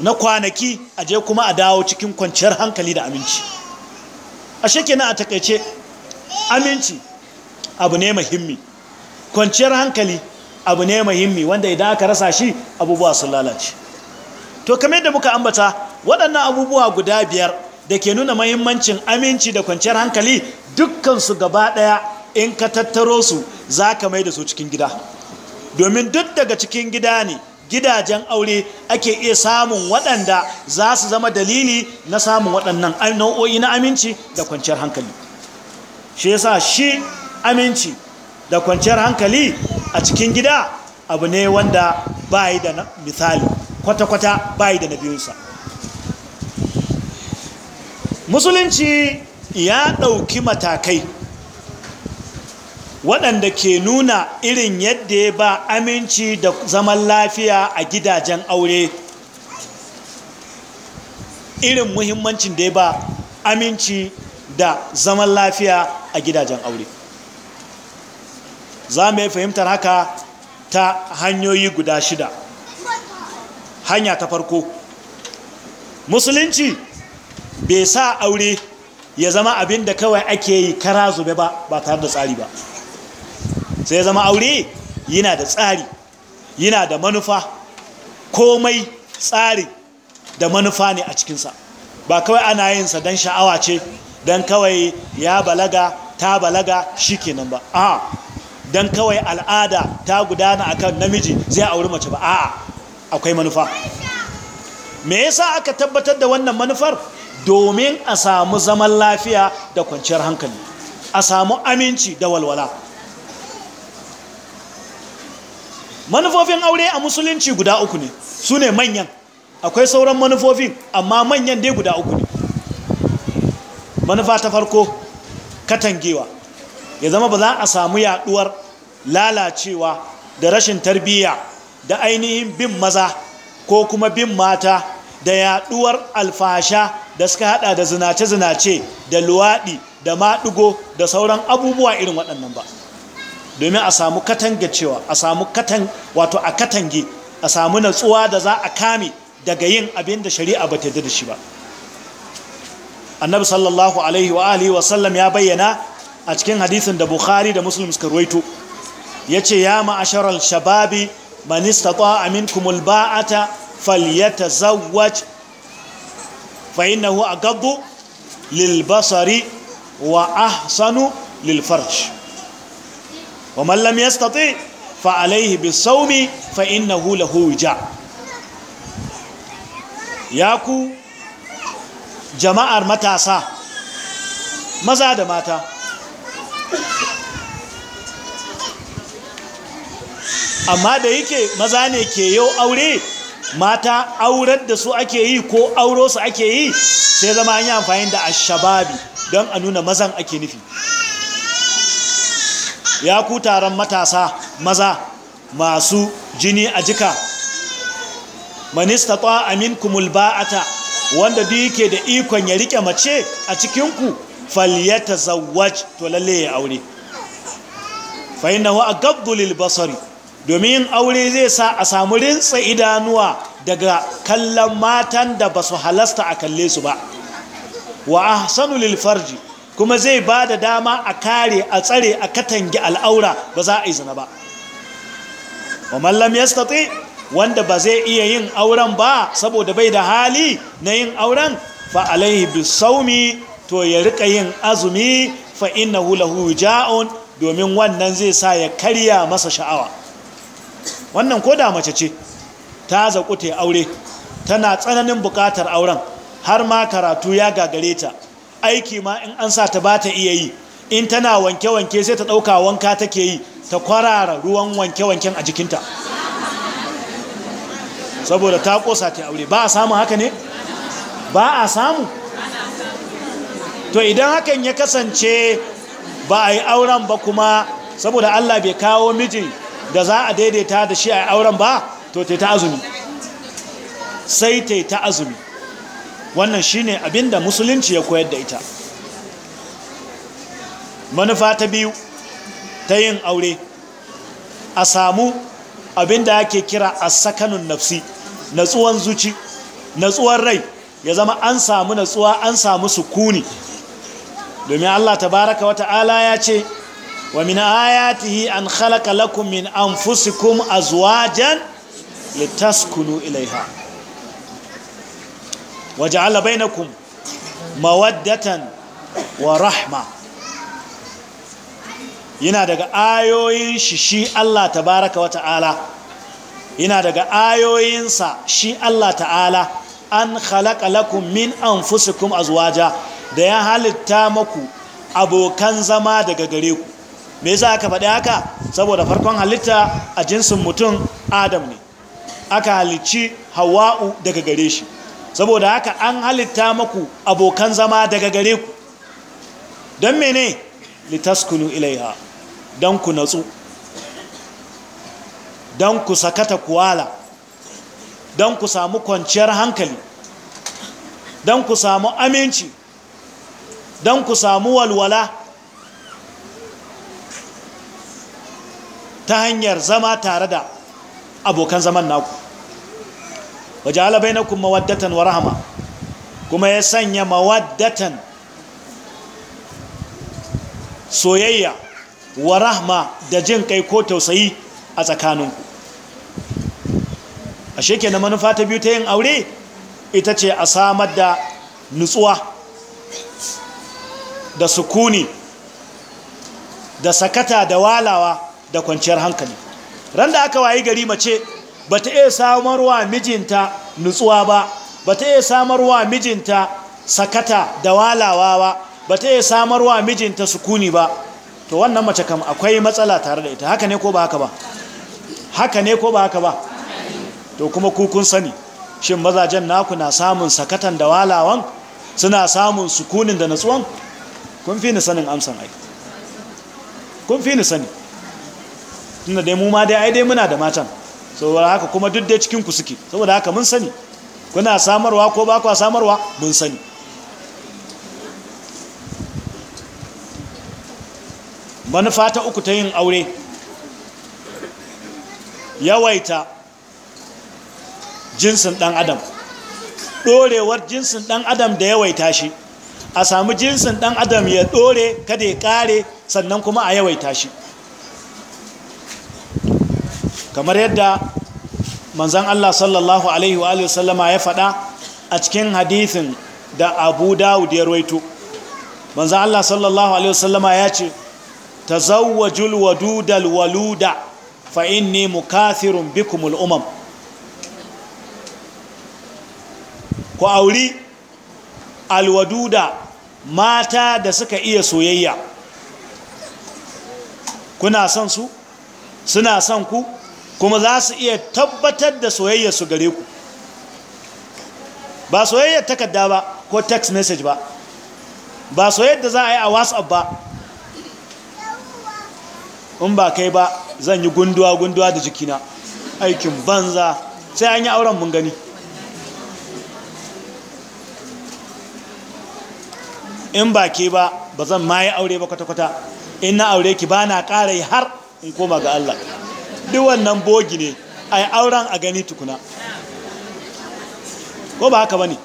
na kwanaki a je kuma a dawo cikin kwanciyar hankali da aminci a na a takaice aminci abu ne muhimmi kwanciyar hankali abu ne muhimmi wanda idan aka rasa shi abubuwa sun lalace to kamar yadda muka ambata waɗannan abubuwa guda biyar da ke nuna mahimmancin aminci da kwanciyar hankali dukkansu gaba ɗaya in ka tattaro su za ka mai da su cikin gida domin duk daga cikin gida ne gidajen aure ake iya samun waɗanda za su zama dalili na samun waɗannan nau'o'i na aminci da kwanciyar hankali shi yasa shi aminci da kwanciyar hankali a cikin gida abu ne wanda bayi da misali kwata-kwata bayi da na biyunsa musulunci ya ɗauki matakai waɗanda ke nuna irin yadda ya ba aminci da zaman lafiya a gidajen aure irin muhimmancin da ya ba aminci da zaman lafiya a gidajen aure za mu yi fahimtar haka ta hanyoyi guda shida hanya ta farko musulunci bai sa aure ya zama abin da kawai ake yi kara zube ba ba tare da tsari ba sai zama aure yana da tsari yana da manufa komai tsari da manufa ne a cikinsa ba kawai ana yin sa don sha'awa ce don kawai ya balaga ta balaga shi kenan ba a don kawai al'ada ta gudana akan namiji zai auri mace ba a akwai manufa me yasa aka tabbatar da wannan manufar domin a samu zaman lafiya da kwanciyar hankali a samu aminci da walwala manufofin aure a musulunci guda uku ne su ne manyan akwai sauran manufofin amma manyan dai guda uku ne manufa ta farko katangewa ya zama ba za a samu yaduwar lalacewa da rashin tarbiyya da ainihin bin maza ko kuma bin mata da yaduwar alfasha da suka hada da zinace-zinace da luwaɗi da maɗigo da sauran abubuwa irin waɗannan ba domin a samu katanga cewa a samu katan wato a katange a samu natsuwa da za a kame daga yin abin da shari'a ba ta da shi ba annabi sallallahu alaihi wa alihi wa sallam ya bayyana a cikin hadisin da bukhari da muslim suka ruwaito yace ya ma'asharal shababi man istata'a minkum alba'ata falyatazawwaj fa a aghaddu lil basari wa ahsanu lil farj wa man lam yastati fa alayhi bis sawmi fa innahu lahu wija yaku jama'ar matasa maza da mata amma da yake maza ne ke yau aure mata aurar da su ake yi ko auro su ake yi sai zama an yi amfani da ashababi don a nuna mazan ake nufi ya ku taron matasa maza masu jini a jika manista ta amin kumul ba'ata wanda duk yake da ikon ya rike mace a cikinku falyata zawaj to lalle ya aure fa wa a gabdulil basari domin aure zai sa a samu rintsa idanuwa daga kallon matan da ba su halasta a kalle su ba wa ahsanu lil kuma zai ba da dama a kare a tsare a katange al'aura ba za a yi zina ba wa mallam yastati wanda ba zai iya yin auren ba saboda bai da hali na yin auren fa alaihi bisaumi to ya rika yin azumi fa innahu lahu domin wannan zai sa ya karya masa sha'awa wannan ko da mace ce ta zaƙu ta aure tana tsananin buƙatar auren har ma karatu ya gagare ta aiki ma in an sa ta ba ta iya yi in tana wanke-wanke sai ta ɗauka wanka take yi ta kwarara ruwan wanke-wanken a jikinta saboda ta ƙosa ta aure ba a samu haka ne ba a samu to idan hakan ya kasance ba a yi auren ba kuma saboda allah bai kawo miji da za a daidaita da shi a auren ba to ta azumi sai ta azumi wannan shine abinda musulunci ya koyar da ita manufa ta biyu ta yin aure a samu abinda ake kira a sakanun nafsi natsuwan zuci natsuwan rai ya zama an samu natsuwa an samu sukuni domin Allah Ta baraka wata Ala ya ce wa min ayatihi an khalaqa lakum min anfusikum azwajan litaskunu ilaiha wa ja'ala bainakum mawaddatan wa rahma yana daga ayoyin shi shi Allah wa ta'ala yana daga ayoyinsa shi Allah ta'ala an khalaqa lakum min anfusikum azwaja da ya halitta maku abokan zama daga gare ku me yasa aka faɗi haka saboda farkon halitta a jinsin mutum adam ne aka halicci hawa'u daga gare shi saboda haka an halitta maku abokan zama daga gare ku don mene litaskunu ilaiha don ku natsu don ku sakata kuwala don ku samu kwanciyar hankali don ku samu aminci don ku samu walwala ta hanyar zama tare da abokan zaman naku waje alabai na kuma waddatan wa rahama kuma ya sanya mawaddatan soyayya wa rahama da jin kai ko tausayi a tsakaninku a sheke na manufa ta biyu ta yin aure ita ce a samar da nutsuwa da sukuni da sakata da walawa da kwanciyar hankali ran da aka wayi gari mace ba ta iya samarwa mijinta nutsuwa ba ba ta iya samarwa mijinta sakata da walawa ba ba ta iya samarwa mijinta sukuni ba to wannan mace kam akwai matsala tare da ita haka ne ko ba haka ba haka ne ko ba haka ba to kuma kukun kun sani shin mazajen naku na samun sakatan da walawan suna samun sukunin da natsuwan kun fi ni sanin amsan ai kun fi ni sani tunda dai mu ma dai ai dai muna da matan saboda haka kuma duk dai cikin ku suke saboda haka mun sani kuna samarwa ko ba ku samarwa mun sani manufa ta uku ta yin aure yawaita jinsin dan adam dorewar jinsin dan adam da yawaita shi a samu jinsin dan adam ya dore kada ya kare sannan kuma a yawaita shi kamar yadda manzan Allah sallallahu alaihi wa wasallama ya faɗa a cikin hadithin da abu dawud ya rwaito manzan Allah sallallahu alaihi wa ya ce julwa dudal waluda ne mu mukathirun bikumul umam ku auri alwaduda mata da suka iya soyayya kuna son su suna son ku kuma za su iya tabbatar da soyayya su gare ku ba soyayya takarda ba ko text message ba ba soyayya za a yi a whatsapp ba in ba kai ba zan yi gunduwa-gunduwa da jikina aikin banza sai an yi auren mun gani in ba ke ba ba zan ma yi aure ba kwata-kwata in na aure ki ba na ƙara har in koma ga Allah duk wannan bogi ne a yi auren a gani tukuna ko ba haka ba ne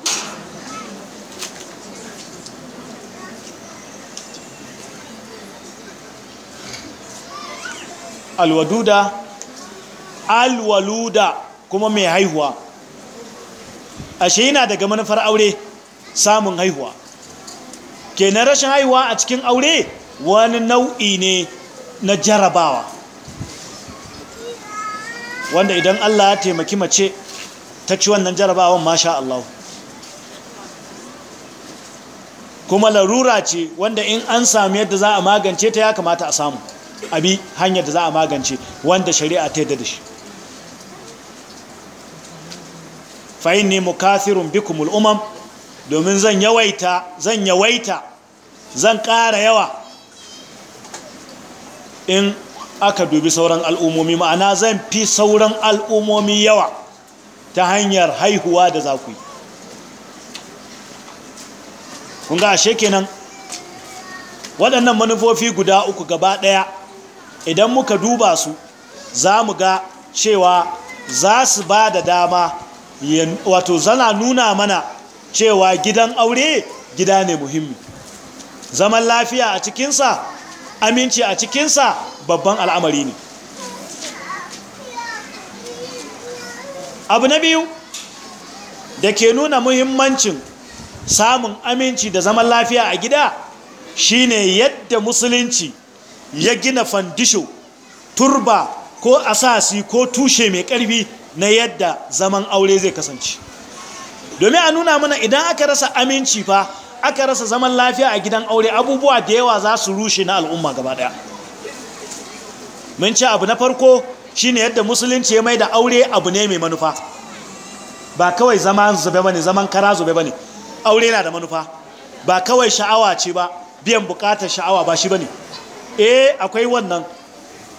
alwaduda alwaluda kuma mai haihuwa ashe yana daga manufar aure samun haihuwa kenan rashin haihuwa a cikin aure wani nau'i ne na jarabawa wanda idan Allah ya taimaki mace ta ci wannan jarabawan masha Allah kuma larura ce wanda in an sami yadda za a magance ta ya kamata a samu abi hanyar da za a magance wanda shari'a ta yadda da shi fa'in ne mu kafirun bikumul umam domin zan yawaita zan yawaita zan ƙara yawa in aka dubi sauran al'ummomi ma'ana zan fi sauran al'ummomi yawa ta hanyar haihuwa da za ku yi kunga ashe kenan waɗannan manufofi guda uku gaba ɗaya idan muka duba su za mu ga cewa za su ba da dama wato zana nuna mana cewa gidan aure gida ne muhimmi zaman lafiya a cikinsa aminci a cikinsa babban al'amari ne abu na biyu da ke nuna muhimmancin samun aminci da zaman lafiya a gida shine yadda musulunci ya gina fandisho turba ko asasi ko tushe mai ƙarfi na yadda zaman aure zai kasance domin a nuna mana idan aka rasa aminci fa aka rasa zaman lafiya a gidan aure abubuwa da yawa za su rushe na al'umma gaba daya. mun ce abu na farko shine yadda musulunci ya mai da aure abu ne mai manufa ba kawai zaman zube bane zaman kara zube bane aure na da manufa ba kawai sha'awa ce ba biyan bukatar sha'awa ba shi bane eh akwai wannan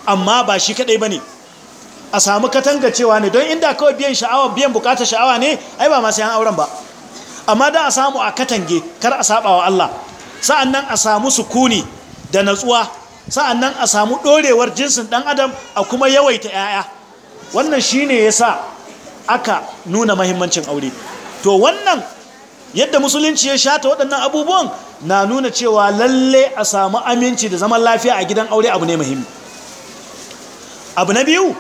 amma ba shi kadai bane a samu katanga cewa ne don inda kawai biyan sha'awa biyan bukatar sha'awa ne ai ba ma sai an auren ba amma da a samu a katange kar a sabawa Allah sa'annan a samu sukuni da natsuwa sa'annan a samu ɗorewar jinsin ɗan adam a kuma yawaita 'ya'ya wannan shine sa aka nuna mahimmancin aure to wannan yadda musulunci ya shata waɗannan abubuwan na nuna cewa lalle a samu aminci da zaman lafiya a gidan aure abu ne muhimmi abu na biyu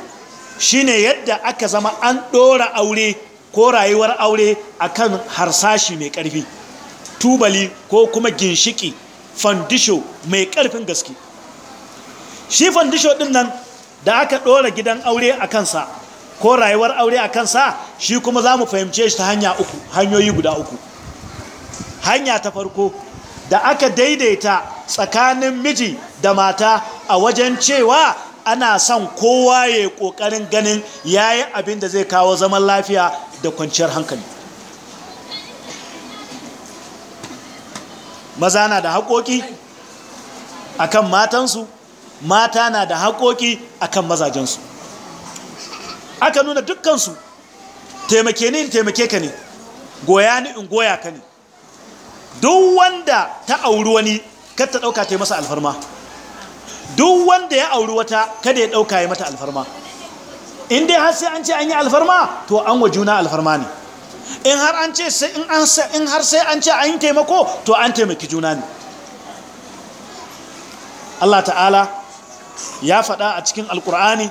shine yadda aka zama an ɗora aure ko rayuwar aure a kan harsashi mai ƙarfi tubali ko kuma ginshiki fandisho mai ƙarfin gaske shi fandisho ɗin nan da aka ɗora gidan aure a kansa ko rayuwar aure a kansa shi kuma za mu fahimce shi ta hanya uku hanyoyi guda uku hanya ta farko da aka daidaita tsakanin miji da mata a wajen cewa ana son kowa ya ƙoƙarin ganin ya yi abin da zai kawo zaman lafiya da kwanciyar hankali maza na da haƙoƙi a kan matansu mata na da haƙoƙi akan mazajensu aka nuna dukkansu taimake ni taimake ka ne goya ni in goya ka ne duk wanda ta auri wani kar ta ɗauka ta yi masa alfarma duk wanda ya auri wata kada ya ɗauka ya mata alfarma in dai har sai an ce an yi alfarma to an wa juna alfarma ne in har an ce sai in har sai an ce an yi taimako to an taimaki juna ne Allah ta'ala ya faɗa a cikin alkur'ani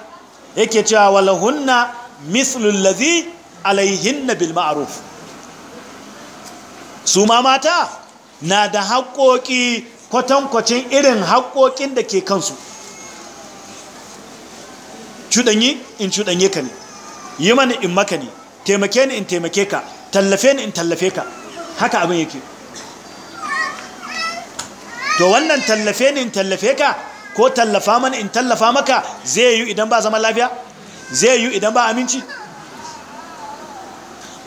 yake cewa walahunna mislul ladhi alaihinna bil ma'ruf su ma mata na da haƙoƙi kwatankwacin irin haƙoƙin da ke kansu cuɗanyi in cuɗanye ka ne yi mani in maka ne taimake ni in taimake ka tallafe ni in tallafe ka haka abin yake to wannan tallafe ni in tallafe ka ko tallafa mana in tallafa maka zai yi idan ba zaman lafiya zai yi idan ba aminci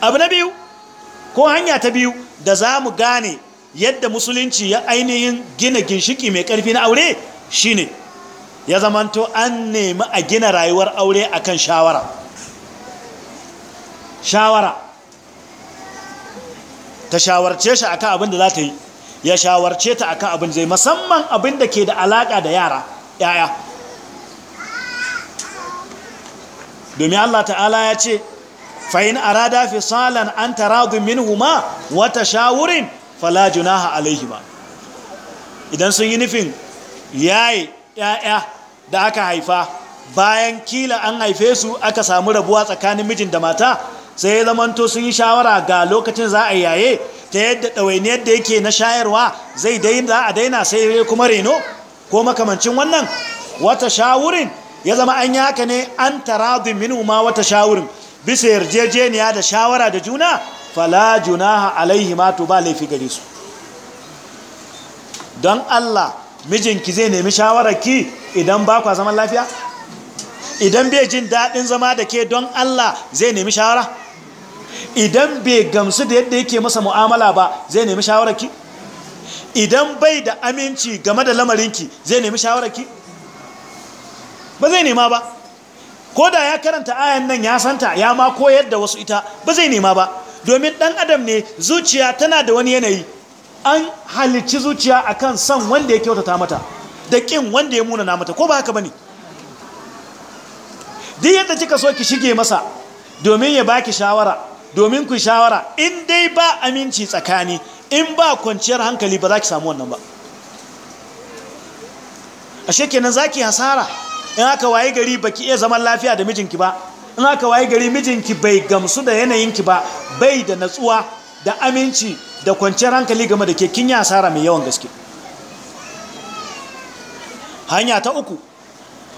abu na biyu ko hanya ta biyu da za mu gane yadda musulunci ya ainihin gina ginshiki mai ƙarfi na aure shine ya zamanto an nemi a gina rayuwar aure akan shawara shawara ta shawarce shi akan abin da za ta yi ya shawarce ta akan abin zai musamman abin da ke da alaƙa da yara yaya domin Allah ta'ala ya ce fa'in arada salan an taradu huma wata shawurin fala junaha ba idan sun yi nufin yayi yaya da aka haifa bayan kila an haife su aka samu rabuwa tsakanin mijin da mata sai ya zamanto sun yi shawara ga lokacin za a yaye ta yadda ɗawainiyar da yake na shayarwa zai za a daina sai ya kuma reno ko makamancin wannan wata shawurin ya zama an yaka ne an taradun minu ma wata shawurin bisa yarjejeniya da shawara da juna fala junaha alaihi ma ba laifi gare su don Allah mijinki zai nemi ki idan ba kwa zaman lafiya idan bai jin daɗin zama da ke don Allah zai nemi shawara idan bai gamsu da yadda yake masa mu'amala ba zai nemi shawararki idan bai da aminci game da lamarinki zai nemi shawararki ba zai nema ba ko da ya karanta ayan nan ya santa ya ma koyar da wasu ita ba zai nema ba domin dan adam ne zuciya tana da wani yanayi an halicci zuciya a kan son wanda ya kyautata mata da kin wanda ya munana mata ko ba haka ba ne duk yadda kika so ki shige masa domin ya baki shawara domin ku shawara in dai ba aminci tsakani in ba kwanciyar hankali ba za ki samu wannan ba ashe kenan za ki hasara in aka waye gari ba ki iya zaman lafiya da mijinki ba in aka waye gari mijinki bai gamsu da yanayinki ba bai da natsuwa da aminci da kwanciyar hankali game da kekin kin hasara mai yawan gaske hanya ta uku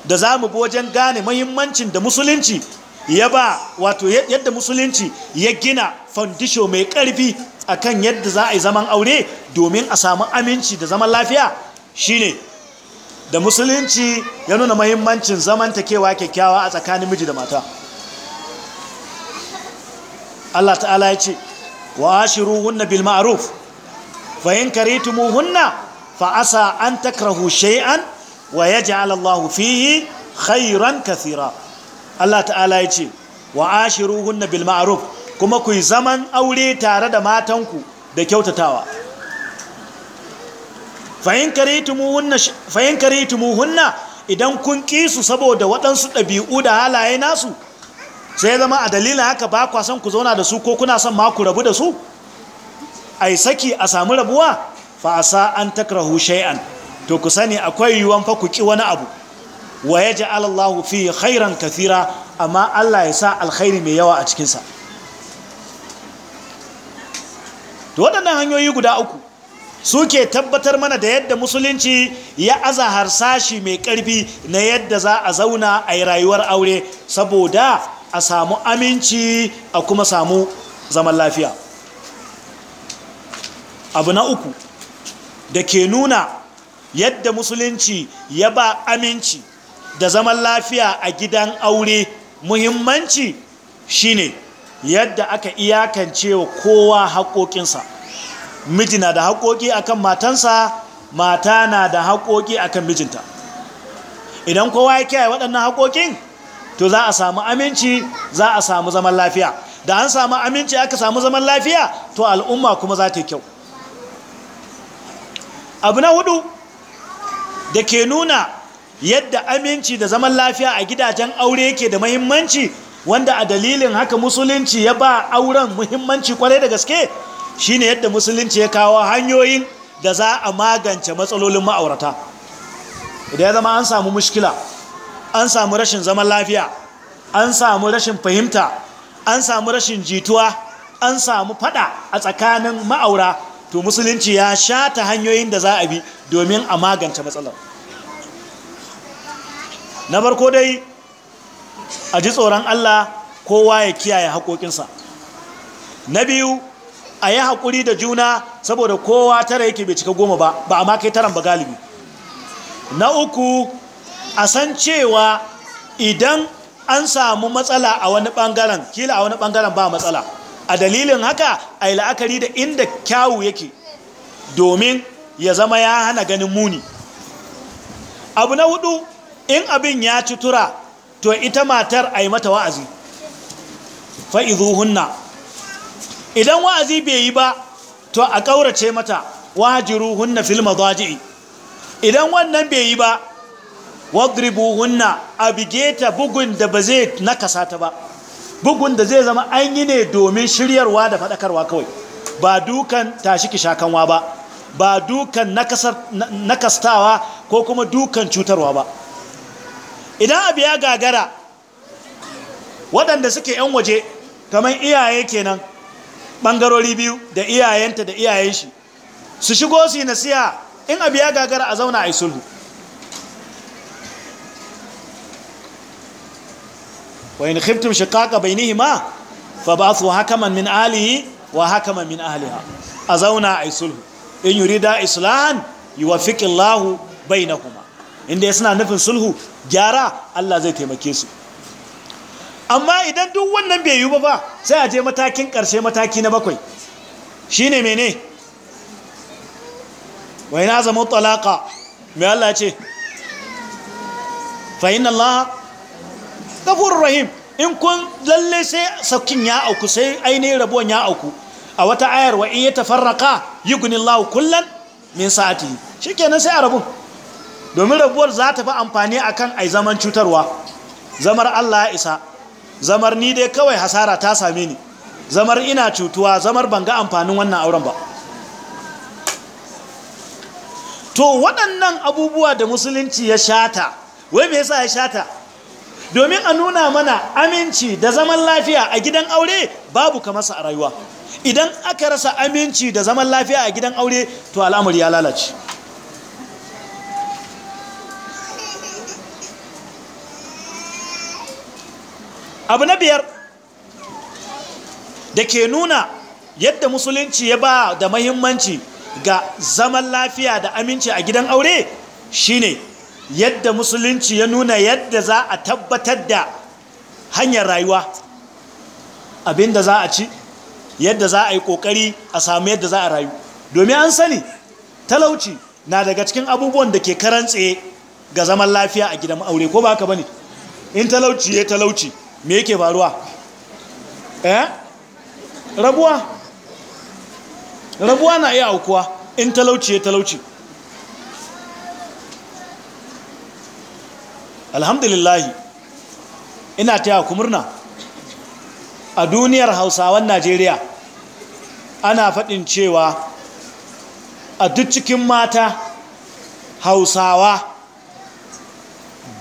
da za mu bi wajen gane muhimmancin da musulunci ya ba wato yadda musulunci ya gina fandisho mai ƙarfi akan yadda za a yi zaman aure domin a samu aminci da zaman lafiya shine da musulunci ya nuna mahimmancin zamantakewa kyakkyawa a tsakanin miji da mata Allah ta'ala ya ce wa ashiruhunna bil ma'ruf fa in hunna fa asa an takrahu shay'an wa yaj'al Allahu fihi khairan kathira Allah ta'ala ya ce wa hunna bil ma'ruf kuma ku yi zaman aure tare da matanku da kyautatawa fayin hunna idan kun ƙi su saboda waɗansu ɗabi'u da halaye nasu sai zama a dalilin haka ba kwa son ku zauna da su ko kuna son ma ku rabu da su ai saki a samu rabuwa fa sa an takrahu shay'an to ku sani akwai yiwuwan fa ku ki wani abu wa ya ji alallahu fi khairan kafira amma Allah ya sa alkhairi mai yawa a cikinsa to waɗannan hanyoyi guda uku suke tabbatar mana da yadda musulunci ya aza harsashi mai ƙarfi na yadda za a zauna a yi rayuwar aure saboda a samu aminci a kuma samu zaman lafiya abu na uku da ke nuna yadda musulunci ya ba aminci da zaman lafiya a gidan aure muhimmanci shine yadda aka iyakance wa kowa haƙoƙinsa miji na da haƙoƙi akan matansa mata na da haƙoƙi akan mijinta idan kowa ya kiyaye waɗannan haƙoƙin to za a samu aminci za a samu zaman lafiya da an samu aminci aka samu zaman lafiya to al'umma kuma za ta kyau abu na hudu da ke nuna yadda aminci da zaman lafiya a gidajen aure yake da muhimmanci wanda a dalilin haka musulunci ya ba auren muhimmanci kwarai da gaske shine yadda musulunci ya kawo hanyoyin da za a magance matsalolin ma'aurata idan ya zama an samu mushkila an samu rashin zaman lafiya an samu rashin fahimta an samu rashin jituwa an samu fada a tsakanin ma'aura to musulunci ya shata hanyoyin da za a bi domin a magance matsalar na bar ko dai a ji tsoron Allah kowa ya kiyaye haƙoƙinsa na biyu a yi haƙuri da juna saboda kowa tara yake bai cika goma ba ba a makai taron ba galibi na uku a san cewa idan an samu matsala a wani ɓangaren kila a wani ɓangaren ba matsala a dalilin haka a yi la'akari da inda kyawu yake domin ya zama ya hana ganin muni abu na hudu in abin ya ci tura, to ita matar a yi mata wa'azi fa'izuhunna idan wa'azi bai yi ba to a ƙaurace mata wajiruhunna filma madaji'i idan wannan bai yi ba hunna a bige ta bugun da ba zai nakasa ta ba bugun da zai zama an yi ne domin shiryarwa da faɗakarwa kawai ba dukan tashi ki shakanwa ba ba dukan nakastawa ko kuma dukan cutarwa ba idan abu ya gagara waɗanda suke 'yan waje kamar iyaye kenan ɓangarori biyu da iyayenta da iyayen shi su shigo su yi nasiya in abu ya gagara a zauna a yi sulhu wa in khiftum nihi ma fa ba'thu hakaman min alihi wa hakaman min ahliha a zauna a yi sulhu in yurida islahan na kuma inda suna nufin sulhu gyara Allah zai taimake su amma idan duk wannan bai yi ba ba sai a je matakin ƙarshe mataki na bakwai shine mene wai na zama talaka mai Allah ce fahimta Allah rahim in kun lalle sai saukin ya auku sai ainihin rabuwan ya auku a wata ayar wa in ya tafarraka yi gunin lahu kullan min sa'ati shi kenan sai a rabu. domin rabuwar za ta fi amfani a kan ai zaman cutarwa zamar Allah ya isa zamar ni dai kawai hasara ta same ni zamar ina cutuwa zamar ban ga amfanin wannan auren ba to waɗannan abubuwa da musulunci ya shata wai me yasa ya shata domin a nuna mana aminci da zaman lafiya a gidan aure babu kamarsa a rayuwa idan aka rasa aminci da zaman lafiya a gidan aure to al'amari ya lalace abu na biyar da ke nuna yadda musulunci ya ba da mahimmanci ga zaman lafiya da aminci a gidan aure shine yadda musulunci ya nuna yadda za a tabbatar da hanyar rayuwa abinda za a ci yadda za a yi kokari a samu yadda za a rayu domin an sani talauci na daga cikin abubuwan da ke karantse ga zaman lafiya a gidan aure ko ba ba bane in talauci ya talauci me yake faruwa eh rabuwa rabuwa na iya aukuwa in talauci ya talauci alhamdulillahi ina taya ku murna a duniyar hausawan najeriya ana faɗin cewa a duk cikin mata hausawa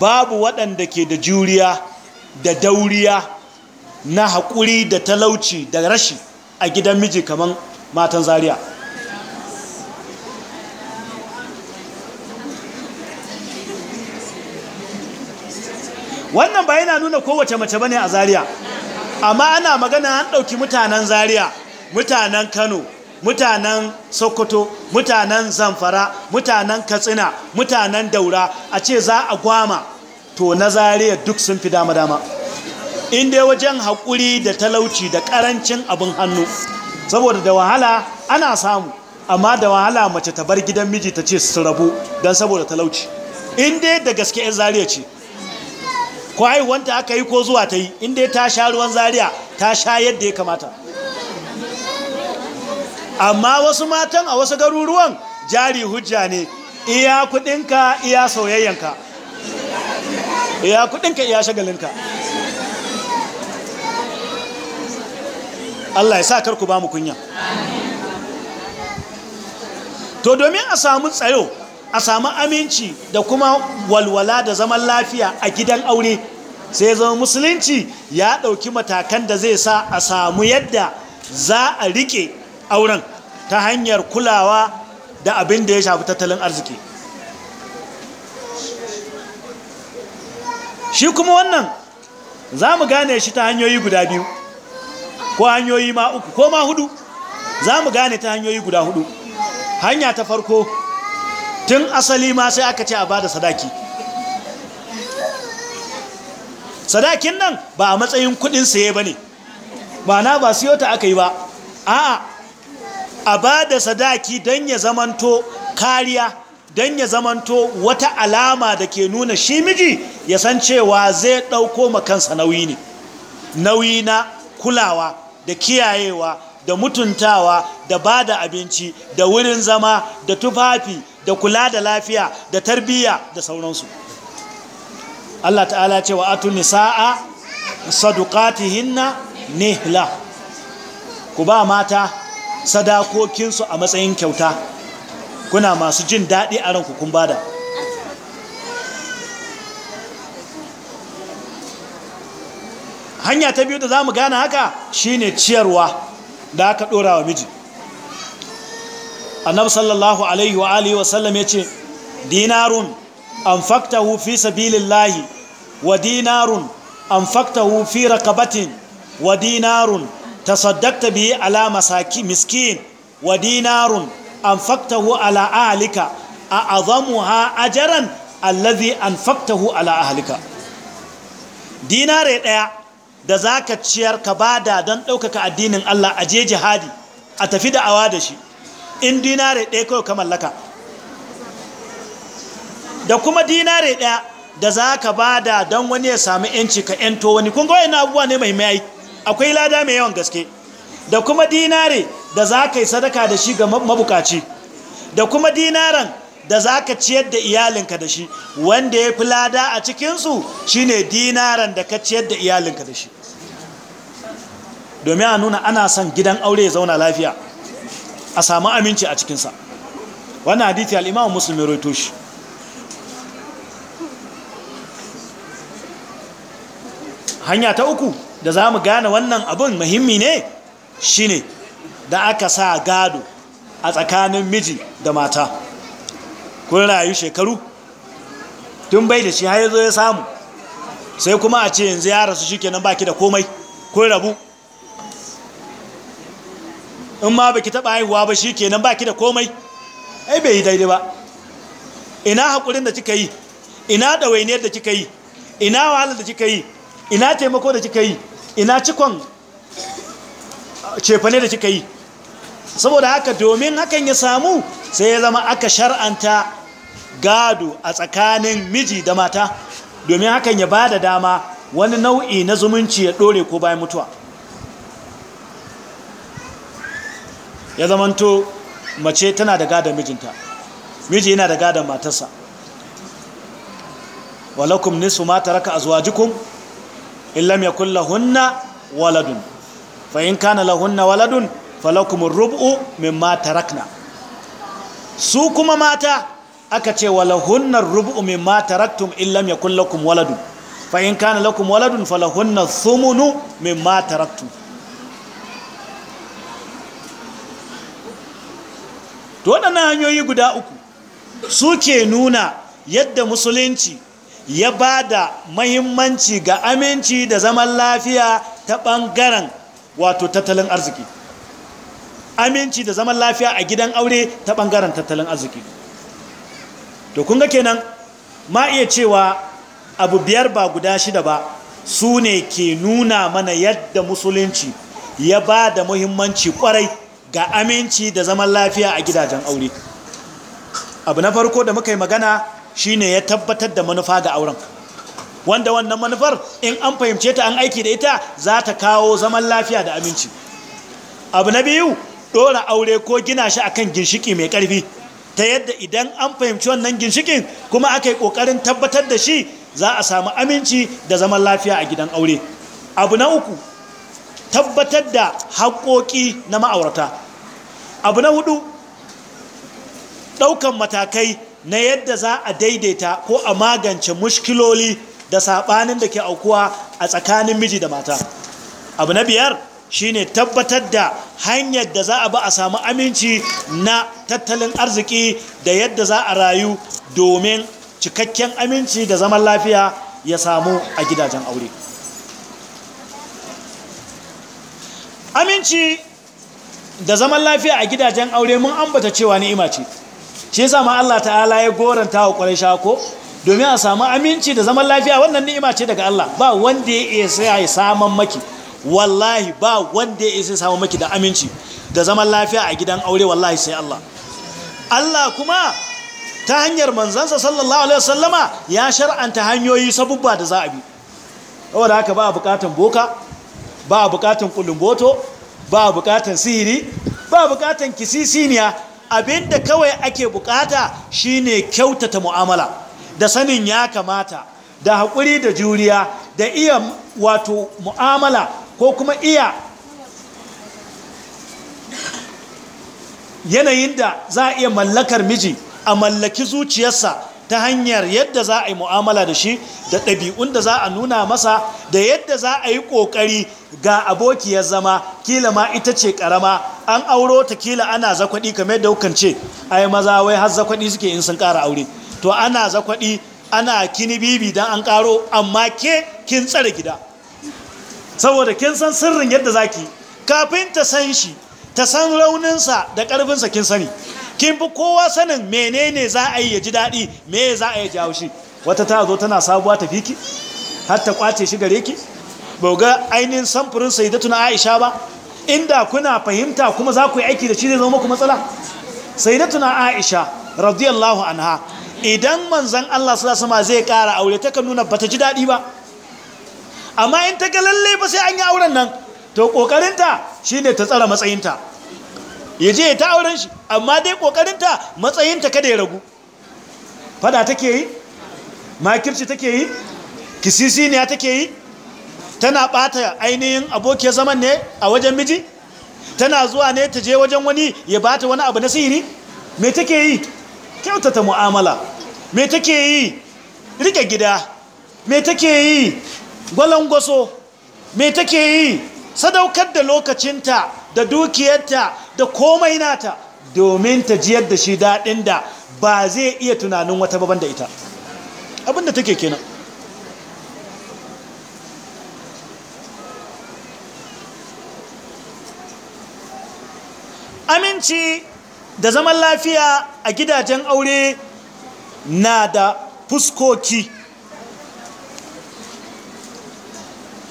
babu waɗanda ke da juriya da dauriya na haƙuri da talauci da rashi a gidan miji kamar matan zariya wannan ba yana nuna kowace mace bane a zariya amma ana magana an ɗauki mutanen zariya mutanen kano mutanen sokoto mutanen zamfara mutanen katsina mutanen daura a ce za a gwama to na zariya duk sun fi dama-dama inda wajen haƙuri da talauci da ƙarancin abin hannu saboda da wahala ana samu amma da wahala mace ta bar gidan miji ta ce su rabu don saboda talauci inda da gaske 'yan zariya ce ko haihuwanta aka yi ko zuwa ta yi inda ta sha ruwan zariya ta sha yadda ya kamata amma wasu matan a wasu garuruwan jari hujja ne iya kudinka iya soyayyanka iya kudinka ya shagalinka Allah ya sa karku ba mu kunya to domin a samu tsayo a samu aminci da kuma walwala da zaman lafiya a gidan aure sai zama musulunci ya ɗauki matakan da zai sa a samu yadda za a rike auren ta hanyar kulawa da abin da ya shafi tattalin arziki shi kuma wannan za mu gane shi ta hanyoyi guda biyu ko hanyoyi ma uku ko ma hudu za mu gane ta hanyoyi guda hudu hanya ta farko tun asali ma sai aka ce a ba da sadaki sadakin nan ba a matsayin kudin saye ba ne ba na ba siyo ta aka yi ba a'a a ba da sadaki don ya zamanto kariya don ya zamanto wata alama da ke nuna shi miji ya san cewa zai ɗauko makansa nauyi ne nauyi na kulawa da kiyayewa da mutuntawa da ba da abinci da wurin zama da tufafi da kula da lafiya da tarbiyya da sauransu Allah ta'ala ce wa atu nisa'a ne nihla ku ba mata sadakokinsu a matsayin kyauta kuna masu jin daɗi a ranku kun bada hanya ta biyu da za mu gane haka shine ciyarwa da aka ɗora wa miji annabi sallallahu alaihi wa alihi wasallam ya ce dinarun an faktahu fi sabilillahi wa dinarun an faktahu fi rakabatin wa dinarun ta bihi ala alama miskin wa dinarun hu ala ahlika a azamuha ajran allazi hu ala ahlika dinare daya da zaka ciyar ka bada don daukaka addinin Allah a je jihadi a tafi da awa da shi in dinare daya kawai ka mallaka da kuma dinare daya da zaka bada don wani ya samu yanci ka yanto wani kun ga abubuwa ne mai mai akwai lada mai yawan gaske da kuma dinare da za ka yi sadaka da shi ga mabukaci da kuma dinaran da za ka ciyar da iyalinka da shi wanda ya fi lada a cikinsu shi ne dinaran da ka ciyar da iyalinka da shi domin a nuna ana son gidan aure ya zauna lafiya a samu aminci a cikinsa wannan hadithi al'imamu musulmi roto shi hanya ta uku da za mu gane wannan abin muhimmi ne shine da aka sa gado a tsakanin miji da mata kun rayu shekaru tun bai da shi har zo ya samu sai kuma a ce yanzu ya rasu shi kenan baki da komai kun rabu in ma baki taɓa haihuwa ba shi kenan baki da komai ai bai yi daidai ba ina haƙurin da kika yi ina ɗawainiyar da kika yi ina wahalar da kika yi ina taimako da kika yi ina cikon cefane da kika yi saboda haka domin hakan ya samu sai ya zama aka shar'anta gado a tsakanin miji da mata domin hakan ya bada dama wani nau'i na zumunci ya dore ko bayan mutuwa ya zamanto mace tana da gadon mijinta miji yana da gadon matarsa walakum nisu ma taraka azwajukum illam kulla hunna waladun fa in kana lahunna waladun falakumur rub'u min mata rakna su kuma mata aka ce walahunna rub'u mimma taraktum illam yakul lakum waladun fa in kana lakum waladun falahunna thumunu mata raktum to waɗannan hanyoyi guda uku su ke nuna yadda musulunci ya ba da mahimmanci ga aminci da zaman lafiya ta ɓangaren wato tattalin arziki aminci da zaman lafiya a gidan aure ta ɓangaren tattalin arziki to kun ga kenan ma iya cewa abu biyar ba guda shida ba su ne ke nuna mana yadda musulunci ya ba da muhimmanci kwarai ga aminci da zaman lafiya a gidajen aure abu na farko da muka yi magana shine ya tabbatar da manufa ga auren wanda wannan manufar in an fahimce ta an aiki da ita za ta kawo zaman lafiya da aminci abu na biyu ɗora aure ko gina shi akan ginshiki mai ƙarfi ta yadda idan an fahimci wannan ginshikin kuma aka yi ƙoƙarin tabbatar da shi za a samu aminci da zaman lafiya a gidan aure abu na uku tabbatar da haƙoƙi na ma'aurata abu na hudu ɗaukan matakai na yadda za a daidaita ko a magance mushkiloli da saɓanin da ke aukuwa a tsakanin miji da mata abu na biyar shine tabbatar da hanyar da za a ba a samu aminci na tattalin arziki da yadda za a rayu domin cikakken aminci da zaman lafiya ya samu a gidajen aure aminci da zaman lafiya a gidajen aure mun ambata cewa ni'ima ce shi sama Allah ta'ala ya goranta wa ƙwarai shako domin a samu aminci da zaman lafiya wannan ni'ima ce daga Allah ba wanda ya iya ya saman maki wallahi ba wanda ya isa samun maki da aminci da zaman lafiya a gidan aure wallahi sai Allah Allah kuma ta hanyar manzansa sallallahu alaihi wasallama ya shar'anta hanyoyi sabubba da za a bi saboda haka ba bukatun boka ba bukatun kulumboto ba bukatun sihiri ba bukatun kisisiniya abinda kawai ake bukata shine kyautata mu'amala da sanin ya kamata da haƙuri da juriya da iya wato mu'amala ko kuma iya yanayin da za a iya mallakar miji a mallaki zuciyarsa ta hanyar yadda za a yi mu'amala da shi da ɗabi'un da za a nuna masa da yadda za a yi ƙoƙari ga abokiyar zama kila ma ita ce ƙarama an auro ta kila ana zakwaɗi kamar da ce a yi maza wai har zakwaɗi suke in sun ƙara aure to ana zakwaɗi ana kini bibi dan an ƙaro amma ke kin tsare gida saboda kin san sirrin yadda zaki kafin ta san shi ta san rauninsa da ƙarfinsa kin sani kin fi kowa sanin menene za a yi ya ji daɗi me za a yi ji haushi. wata ta zo tana sabuwa tafi ki har ta kwace shi gare ki ga ainihin samfurin sayyidatu na aisha ba inda kuna fahimta kuma za ku yi aiki da shi zai zama maku matsala sayyidatu na aisha radiyallahu anha idan manzan Allah zasu ma zai kara aure ta kan nuna ta ji daɗi ba amma in ta ga lalle ba sai an yi auren nan to kokarinta shine ta tsara matsayinta ya je ta auren shi amma dai kokarinta matsayinta kada ya ragu fada take yi makirci take yi kisisiniya take yi tana bata ainihin abokiyar zaman ne a wajen miji tana zuwa ne ta je wajen wani ya bata wani abu na sihiri me take yi kyautata mu'amala me take yi rike gida me take yi gwalangwaso me take yi sadaukar da lokacinta da dukiyarta da komai nata domin ta jiyar da shi daɗin da ba zai iya tunanin wata baban da ita abinda take kenan aminci da zaman lafiya a gidajen aure na da fuskoki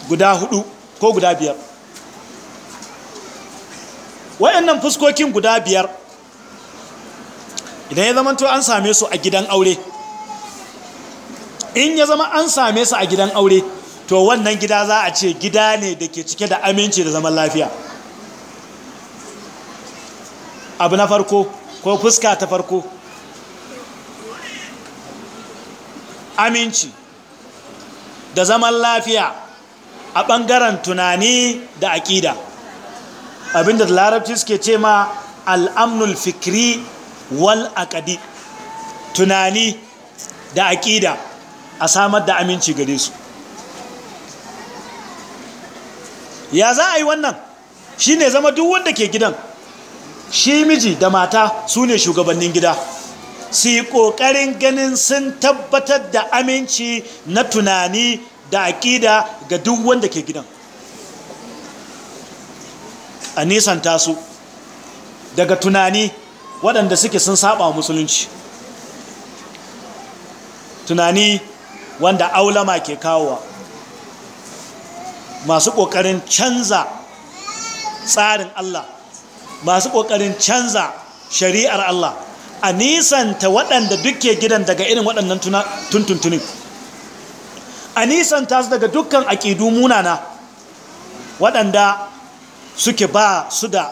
guda hudu ko guda biyar wayannan fuskokin guda biyar idan ya zama an same su a gidan aure in ya zama an same su a gidan aure to wannan gida za a ce gida ne da ke cike da aminci da zaman lafiya abu na farko ko fuska ta farko aminci da zaman lafiya a ɓangaren tunani da aƙida abinda larabci suke ce ma al'amnul fikiri wal aƙadi tunani da aƙida a samar da aminci gare su ya za a yi wannan shi ne zama duk wanda ke gidan shi miji da mata su ne shugabannin gida su yi ƙoƙarin ganin sun tabbatar da aminci na tunani da aƙida ga duk wanda ke gidan a nisan su daga tunani waɗanda suke sun saba musulunci tunani wanda aulama ke kawowa masu ƙoƙarin canza tsarin Allah masu ƙoƙarin canza shari'ar Allah a nisanta waɗanda duke gidan daga irin waɗannan tuntuntunin a nisanta su daga dukkan aƙidu munana waɗanda suke ba su da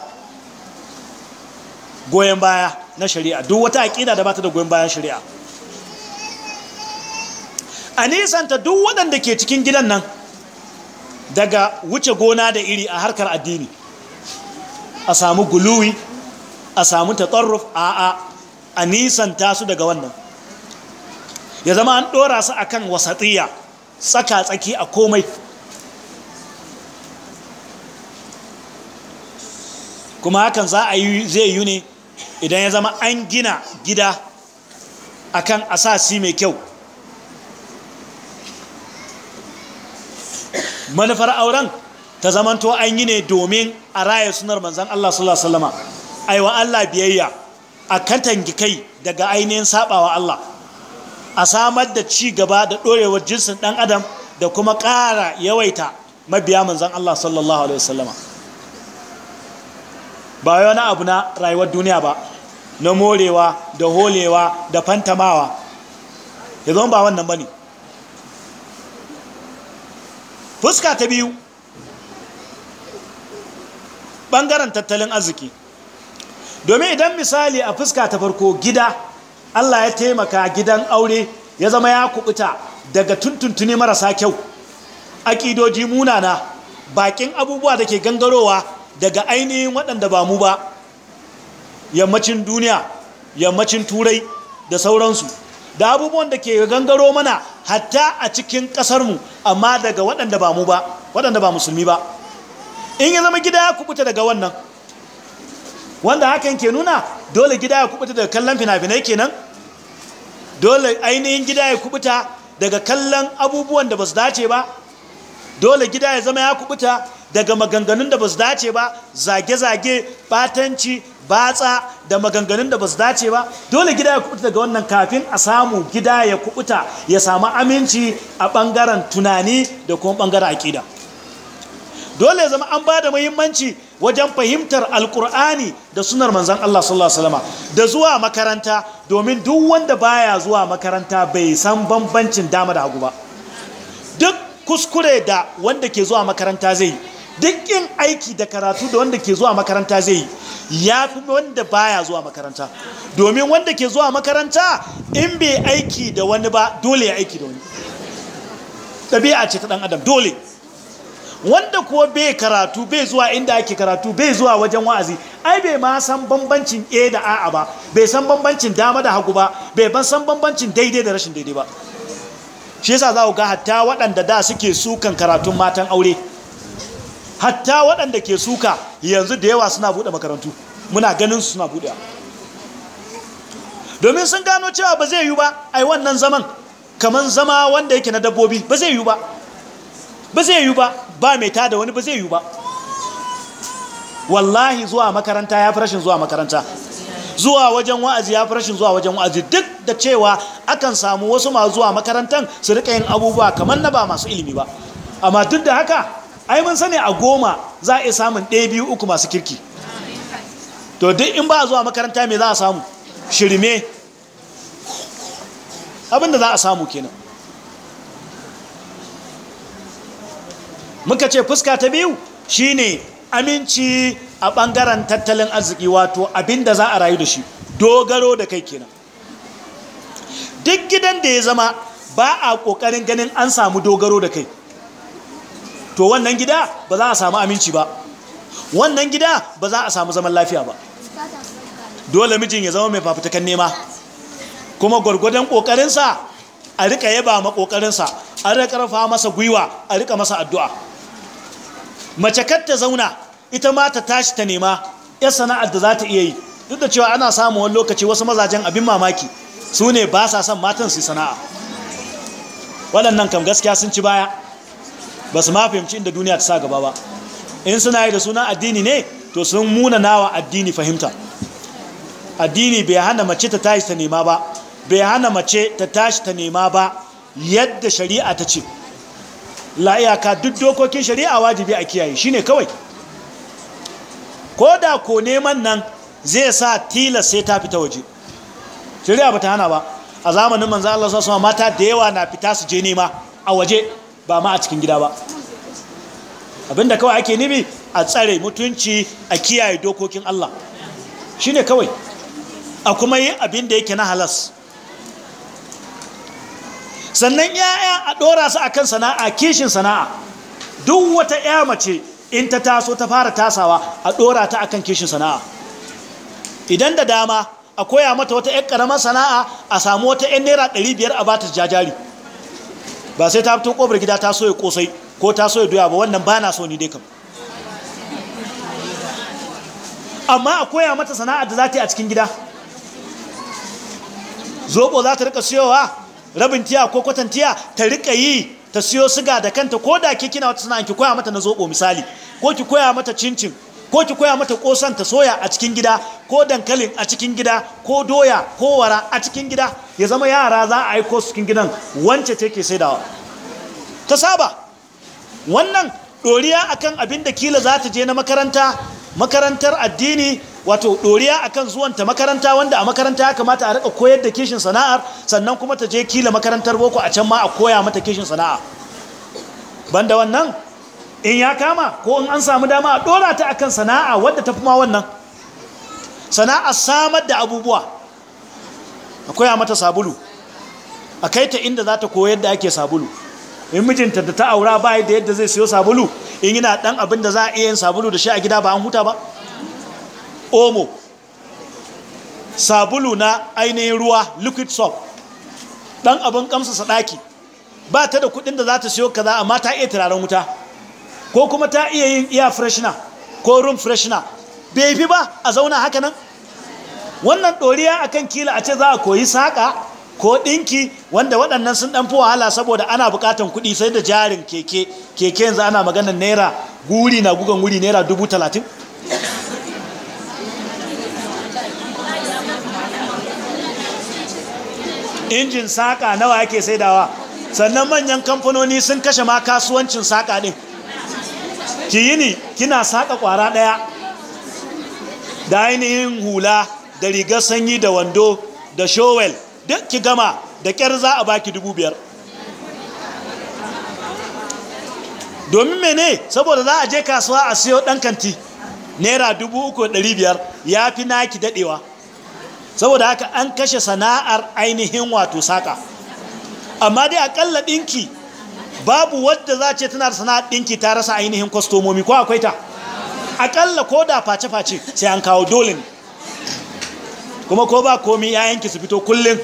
goyon baya na shari'a duk wata aƙida da ba ta da goyon bayan shari'a a nisanta duk waɗanda ke cikin gidan nan daga wuce gona da iri a harkar addini a samu guluwi a samu tatsarruf a a a nisanta su daga wannan ya zama an ɗora su akan wasatiya tsaka-tsaki a komai kuma hakan za a yi zai yi ne idan ya zama an gina gida akan asasi mai kyau manufar auren ta zamanto an yi ne domin a raya sunar manzan Allah sallallahu Alaihi wasallama aiwa Allah biyayya a katangi kai daga ainihin sabawa Allah a samar da ci gaba da ɗorewar jinsin ɗan adam da kuma ƙara yawaita mabiya manzan Allah sallallahu alaihi wasallama ba wani abu na rayuwar duniya ba na morewa da holewa da fantamawa ya zama ba wannan ba ne fuska ta biyu ɓangaren tattalin arziki domin idan misali a fuska ta farko gida Allah ya taimaka gidan aure ya zama ya kubuta daga tuntuntuni marasa kyau aƙidoji munana bakin abubuwa da ke gangarowa daga ainihin waɗanda ba mu ba yammacin duniya yammacin turai da sauransu da abubuwan da ke gangaro mana hatta a cikin ƙasarmu amma daga waɗanda ba mu ba waɗanda ba musulmi ba in ya zama gida ya kubuta daga wannan wanda hakan ke nuna dole gida ya kubuta daga kallon fina-finai kenan dole ainihin gida ya kubuta daga kallon abubuwan da ba su dace ba dole gida ya zama ya kubuta daga maganganun da ba su dace ba zage-zage batanci batsa da maganganun da ba su dace ba dole gida ya kubuta daga wannan kafin a samu gida ya kubuta ya samu aminci a ɓangaren tunani da kuma ɓangaren aƙida dole zama an ba da muhimmanci wajen fahimtar alkur'ani da sunar manzan Allah sallallahu alaihi wasallam da zuwa makaranta domin duk wanda baya zuwa makaranta bai san bambancin dama da hagu ba duk kuskure da wanda ke zuwa makaranta zai yi duk yin aiki da karatu da wanda ke zuwa makaranta zai yi ya fi wanda baya zuwa makaranta domin wanda ke zuwa makaranta in bai aiki da wani ba dole ya aiki da wani ɗabi'a ce ta ɗan adam dole wanda kuwa bai karatu bai zuwa inda ake karatu bai zuwa wajen wa'azi ai bai ma san bambancin a da a'a ba bai san bambancin dama da hagu ba bai ban san bambancin daidai da rashin daidai ba shi yasa za ku ga hatta waɗanda da suke sukan karatun matan aure hatta waɗanda ke suka yanzu da yawa suna buɗe makarantu muna ganin su suna buɗe domin sun gano cewa ba zai yi ba ai wannan zaman kaman zama wanda yake na dabbobi ba zai yi ba ba zai yi ba ba mai ta da wani ba zai yi ba wallahi zuwa makaranta ya fi rashin zuwa makaranta zuwa wajen wa'azi ya fi rashin zuwa wajen wa'azi duk da cewa akan samu wasu ma zuwa makarantan su rika yin abubuwa kamar na ba masu ilimi ba amma duk da haka ai mun sani a goma za a iya samun ɗaya biyu uku masu kirki to duk in ba a zuwa makaranta me za a samu shirme abinda za a samu kenan muka ce fuska ta biyu shine aminci a ɓangaren tattalin arziki wato abinda za a rayu da shi dogaro da kai kenan duk gidan da ya zama ba a ƙoƙarin ganin an samu dogaro da kai to wannan gida ba za a samu aminci ba wannan gida ba za a samu zaman lafiya ba dole mijin ya zama mai fafutukan nema kuma gwargwadon ƙoƙarinsa a riƙa yaba ma ƙoƙarinsa an riƙa rafa masa gwiwa a rika masa addu'a mace kar ta zauna ita ma ta tashi ta nema yar sana'ar da za ta iya yi duk da cewa ana samun wani lokaci wasu mazajen abin mamaki su ne ba sa son matan su sana'a waɗannan kam gaskiya sun ci baya ba su ma fahimci inda duniya ta sa gaba ba in suna yi da suna addini ne to sun muna nawa addini fahimta addini bai hana mace ta tashi ta nema ba bai hana mace ta tashi ta nema ba yadda shari'a ta ce la'iyaka duk dokokin shari'a wajibi a kiyaye shine kawai ko da ko neman nan zai sa tilas sai ta fita waje shari'a ba ta hana ba a zamanin manzo Allah sallallahu alaihi mata da yawa na fita su je nema a waje ba ma a cikin gida ba abinda kawai ake nibi a tsare mutunci a kiyaye dokokin Allah shine kawai a kuma yi abin yake na halas sannan yaya a ɗora su akan sana'a kishin sana'a duk wata ya mace in ta taso ta fara tasawa a ɗora ta akan kishin sana'a idan da dama a koya mata wata yan ƙaramar sana'a a samu wata yan naira ɗari biyar a bata jajari ba sai ta fito kofar gida ta so ya ƙosai ko ta so doya ba wannan ba na so ni dai kam amma a koya mata sana'a da za ta yi a cikin gida zoɓo za ta rika siyowa rabin tiya ko kwatan tiya ta rika yi ta siyo siga da kanta ko da ke kina wata sana'a ki koya mata na zobo misali ko ki koya mata cincin ko ki koya mata kosan ta soya a cikin gida ko dankalin a cikin gida ko doya ko wara a cikin gida ya zama yara za a aiko su cikin gidan wance take saidawa ta saba wannan doriya akan abin da kila za ta je na makaranta makarantar addini wato doriya akan zuwan ta makaranta wanda a makaranta ya kamata a rika koyar da kishin sana'ar sannan kuma ta je kila makarantar boko a can ma a koya mata kishin sana'a banda wannan in ya kama ko in an samu dama a dora ta akan sana'a wadda ta ma wannan sana'a samar da abubuwa a koya mata sabulu a kai ta inda za ta koyar da ake sabulu in mijinta da ta aura ba da yadda zai siyo sabulu in yana ɗan abin da za a iya yin sabulu da shi a gida ba an huta ba omo sabulu na ainihin ruwa liquid soap Ɗan abin kamsa sadaki ba ta da kuɗin da za ta siyo kaza amma ta iya turaren wuta ko kuma ta iya yin iya freshna ko room freshna bai fi ba a zauna haka nan wannan doriya akan kila a ce za a koyi saƙa. ko ɗinki wanda waɗannan sun ɗan fi wahala saboda ana buƙatan kuɗi sai da jarin keke keke yanzu ana maganar naira guri na gugan wuri naira dubu talatin injin saƙa nawa yake saidawa sannan manyan kamfanoni sun kashe ma kasuwancin saƙa ɗin ki yi ni kina saƙa ƙwara ɗaya da ainihin hula da rigar sanyi da wando da showel duk ki gama da kyar za a baki dubu biyar domin mene saboda za a je kasuwa a siyo ɗan kanti naira dubu uku ɗari biyar ya fi naki daɗewa saboda haka an kashe sana'ar ainihin wato saƙa amma dai aƙalla ɗinki babu wadda za ce tana da sana'ar ɗinki ta rasa ainihin kwastomomi ko akwai ta aƙalla ko da face-face sai an kawo dolin. kuma ko ba komi yayanki su fito kullum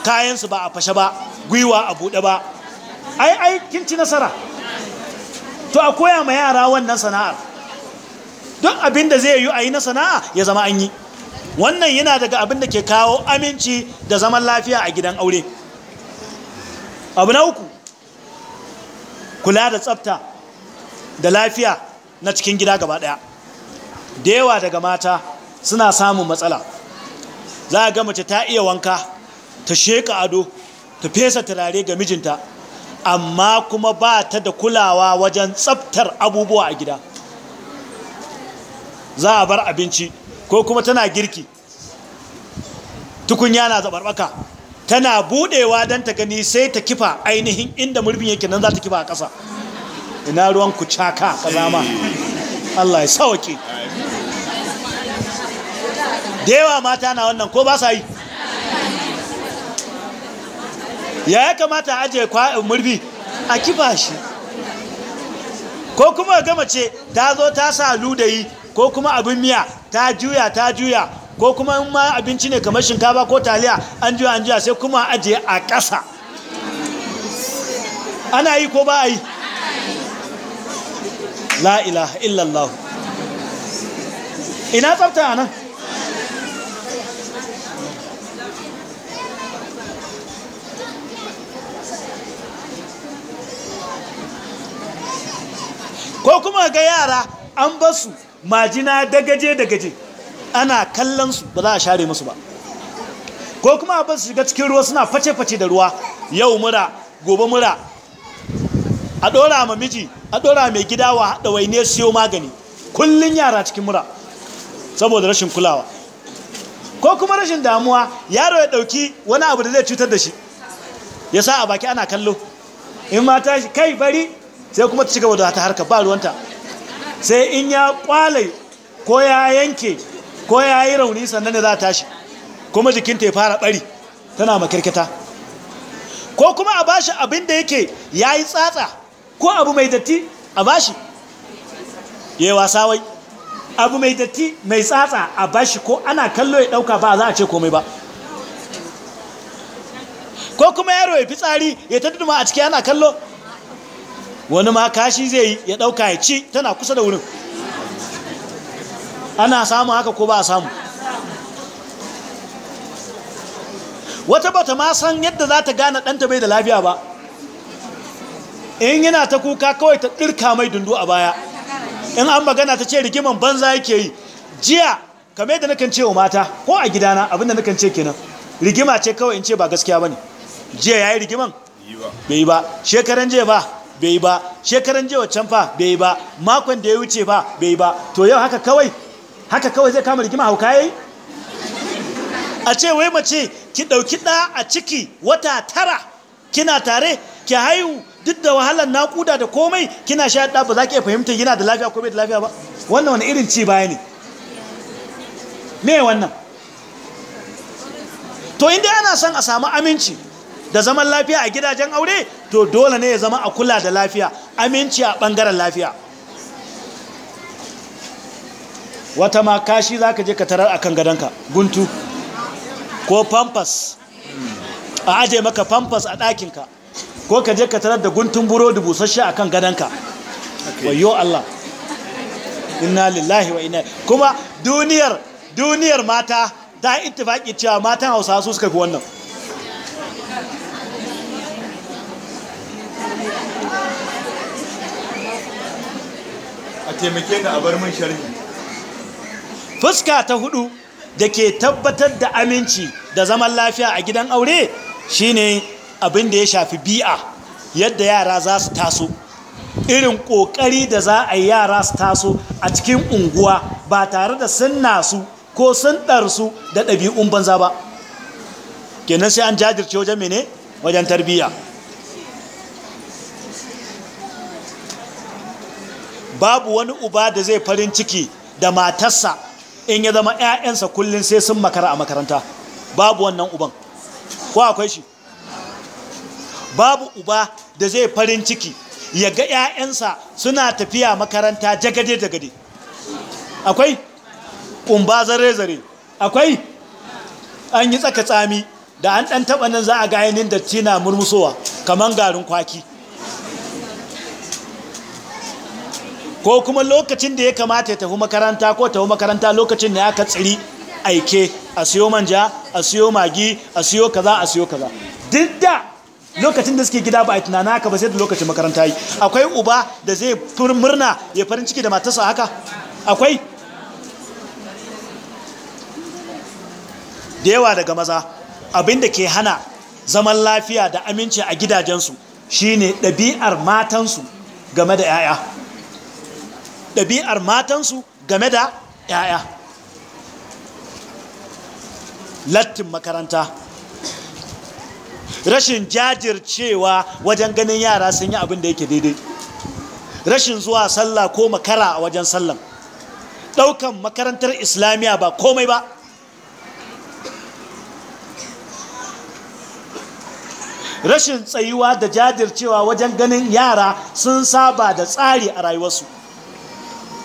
kayansu ba a fashe ba gwiwa a buɗe ba ai ai kin ci nasara to a koya ma yara wannan sana'ar don abin da zai yi a yi na sana'a ya zama an yi wannan yana daga abin da ke kawo aminci da zaman lafiya a gidan aure abu na uku kula da tsafta da lafiya na cikin gida gaba ɗaya. da yawa daga mata suna samun matsala za a ga mace ta iya wanka ta sheka ado ta fesa turare ga mijinta amma kuma ba ta da kulawa wajen tsaftar abubuwa a gida za a bar abinci ko kuma tana girki tukunya na zaɓarɓaka. tana buɗewa don ta gani sai ta kifa ainihin inda murbin yake nan za ta kifa a ƙasa ina ruwan ku caka ƙazama eh. Allah ya sauke da yawa mata na wannan ko ba sa yi ya ya kamata a ajiye eh, murbi a kifa shi ko kuma gama ce ta zo ta sa ludayi ko kuma abin miya ta juya ta juya ko kuma in ma abinci ne kamar shinkafa ko taliya an juya an juya sai kuma ajiye a ƙasa ana yi ko ba a yi la ilaha illallah ina tsafta a nan ko kuma ga yara an basu majina dagaje dagaje ana kallon su ba za a share musu ba ko kuma ba su shiga cikin ruwa suna face-face da ruwa yau mura gobe mura a ɗora ma miji a ɗora mai gida wa wai ne siyo magani kullun yara cikin mura saboda rashin kulawa ko kuma rashin damuwa yaro ya ɗauki wani abu da zai cutar da shi ya sa a baki ana kallo in mata shi kai bari sai kuma ta cigaba da ta harka ba ruwanta sai in ya kwalai ko ya yanke ko ya yi rauni sannan da za ta tashi kuma jikinta ya fara bari tana makirkita ko kuma a bashi abin da yake ya yi tsatsa ko abu mai datti a bashi ya yi wasa wai abu mai datti mai tsatsa a bashi ko ana kallo ya dauka ba za a ce komai ba ko kuma yaro ya fi tsari ya ta duduma a ciki ana kallo wani ma kashi zai yi ya ɗauka ya ci tana kusa da wurin ana samun haka ko ba a samu wata bata ma san yadda za ta gane ɗanta bai da lafiya ba in yana ta kuka kawai ta ɗirka mai dundu a baya in an magana ta ce rigiman banza yake yi jiya kame da nakan ce wa mata ko a gidana abinda nakan ce kenan rigima ce kawai in ce ba gaskiya ba ne jiya ya yi rigiman bai yi ba shekaran jiya ba bai ba shekaran jiya can fa bai ba makon da ya wuce fa bai ba to yau haka kawai haka kawai zai kama rigima hauka yayi a ce wai mace ki dauki da a ciki wata tara kina tare ki haihu duk da wahalar nakuda da komai kina sha da ba za ki fahimta yana da lafiya ko bai da lafiya ba wannan wani irin ci baya ne me wannan to inda ana son a samu aminci da zaman lafiya a gidajen aure to dole ne ya zama a kula da lafiya aminci a ɓangaren lafiya wata ma kashi za ka je ka tarar kan gadonka guntu ko pampas a aje maka pampas a ɗakinka ko ka je ka tarar da guntun burodi busasshe a kan gadonka wayo Allah inna lillahi wa inna kuma duniyar duniyar mata ta ittifaki cewa matan hausa su suka fi wannan taimake ni a bar min sharhi fuska ta hudu da ke tabbatar da aminci da zaman lafiya a gidan aure shine abin da ya shafi bi'a yadda yara za su taso irin ƙoƙari da za a yi yara su taso a cikin unguwa ba tare da sun nasu ko sun ɗarsu da ɗabi'un banza ba kenan sai an jajirce wajen mene wajen tarbiyya babu wani uba da zai farin ciki da matarsa in ya zama 'ya'yansa kullum sai sun makara a makaranta babu wannan uban ko akwai shi babu uba da zai farin ciki ya ga 'ya'yansa suna tafiya makaranta jagade-jagade akwai ƙumba zare-zare akwai an yi tsaka tsami da an ɗan taɓa nan za a gayanin da na murmusowa kamar garin kwaki ko kuma lokacin da ya kamata ya tafi makaranta ko tafi makaranta lokacin da ya ka tsiri aike a siyo manja a siyo magi a siyo kaza a siyo kaza duk da lokacin da suke gida ba a tunana ka ba sai da lokacin makaranta yi akwai uba da zai murna ya farin ciki da matarsa haka akwai da yawa daga maza abinda ke hana zaman lafiya da aminci a gidajensu shine ɗabi'ar matansu game da 'ya'ya ɗabi'ar matansu game da 'ya'ya lattin makaranta rashin jajircewa wajen ganin yara sun yi abin da yake daidai rashin zuwa sallah ko makara a wajen sallan ɗaukan makarantar islamiyya ba komai ba rashin tsayuwa da jajircewa wajen ganin yara sun saba da tsari a rayuwarsu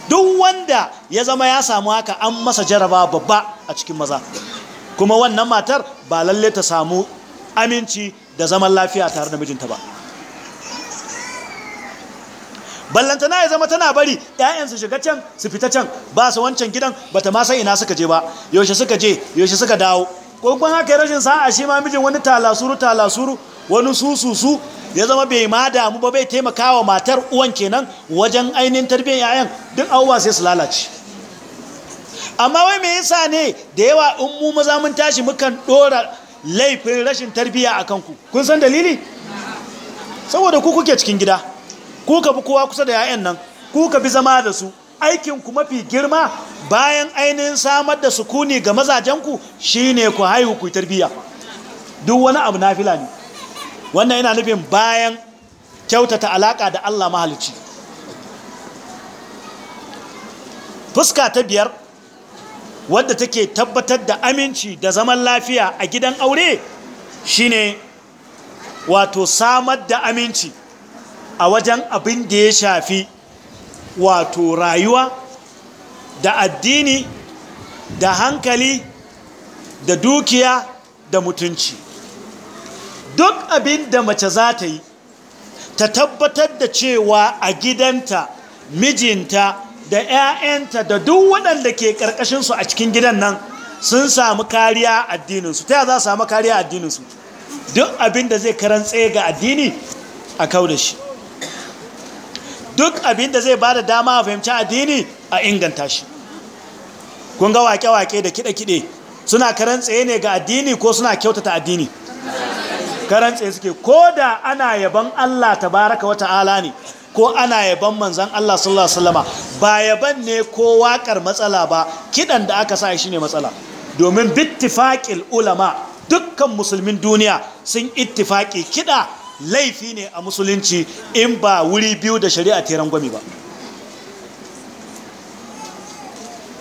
duk wanda ya zama ya samu haka an masa jaraba babba a cikin maza kuma wannan matar ba lalle ta samu aminci da zaman lafiya tare da mijinta ba ballantana ya zama tana bari ‘ya'yansu shiga can su fita can ba su wancan gidan ba ta ma ina suka je ba yaushe suka je yaushe suka dawo ko kun haka rashin sa'a shi ma mijin wani talasuru talasuru wani sususu ya zama bai ma damu ba bai taimakawa matar uwan kenan wajen ainihin tarbiyyar yayan duk abubuwa sai su lalace amma wai mai yasa ne da yawa in mu maza mun tashi mukan dora laifin rashin tarbiyya a kanku kun san dalili saboda ku kuke cikin gida ku ka fi kowa kusa da yayan nan ku ka fi zama da su aikin ku mafi girma bayan ainihin samar da sukuni ga mazajenku shine ku haihu ku tarbiya duk wani abu nafila ne wannan yana nufin bayan kyautata alaka da Allah mahalicci fuska ta biyar wadda take tabbatar da aminci da zaman lafiya a gidan aure shine wato samar da aminci a wajen abin da ya shafi wato rayuwa da addini da hankali da dukiya da mutunci duk abin da mace za ta yi ta tabbatar da cewa a gidanta mijinta da 'ya'yanta da duk waɗanda ke ƙarƙashinsu a cikin gidan nan sun samu kariya addininsu ta za su samu kariya addininsu duk abin da zai karantse ga addini a kau da shi duk abin da zai da dama a fahimci addini a inganta shi kun ga wake-wake da kiɗe-kiɗe suna karan tsaye ne ga addini ko suna kyautata addini karan tsaye suke ko da ana yaban Allah Ta tabaraka wata'ala ne ko ana yaban manzan Allah sallallahu alaihi wasallama ba yaban ne ko wakar matsala ba kiɗan da aka sa shi ne matsala domin bittifaƙin ulama dukkan musulmin duniya sun ittifaƙi kiɗa. laifi ne a musulunci in ba wuri biyu da shari'a ta gwami ba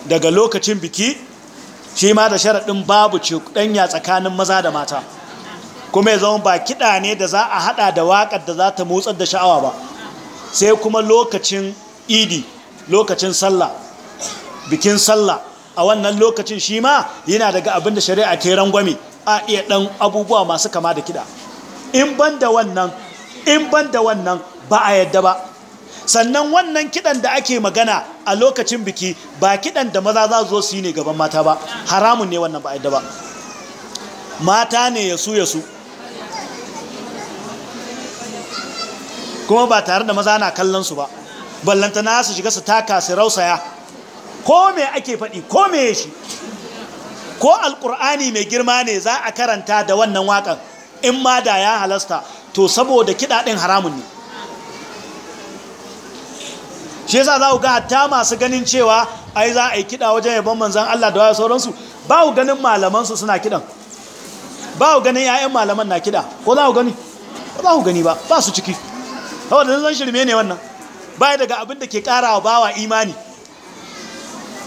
daga lokacin biki shi ma da sharaɗin babu ɗanya tsakanin maza da mata kuma ya zama ba kiɗa ne da za a haɗa da waƙar da za ta motsar da sha'awa ba sai kuma lokacin idi lokacin sallah bikin sallah a wannan lokacin shi ma yana daga abin da shari'a ta gwami a iya ɗan abubuwa masu kama da kiɗa in ban da wannan in ban da wannan ba a yadda ba sannan wannan kidan da ake magana a lokacin biki ba kidan da maza za zo su yi ne gaban mata ba haramun ne wannan ba a yadda ba mata ne ya su ya su kuma ba tare da maza na kallon su ba na su shiga su taka su rausaya ko me ake faɗi ko me shi ko alƙur'ani mai girma ne za a karanta da wannan wakan. in ma da ya halasta to saboda kiɗa ɗin haramun ne shi yasa za ku ga hatta masu ganin cewa ai za a yi kiɗa wajen yabon manzan Allah da waya sauransu ba ku ganin malamansu suna kiɗan ba ku ganin 'ya'yan malaman na kiɗa ko za ku gani ba ku gani ba ba su ciki saboda zan shirme ne wannan baya daga abin da ke ba wa bawa imani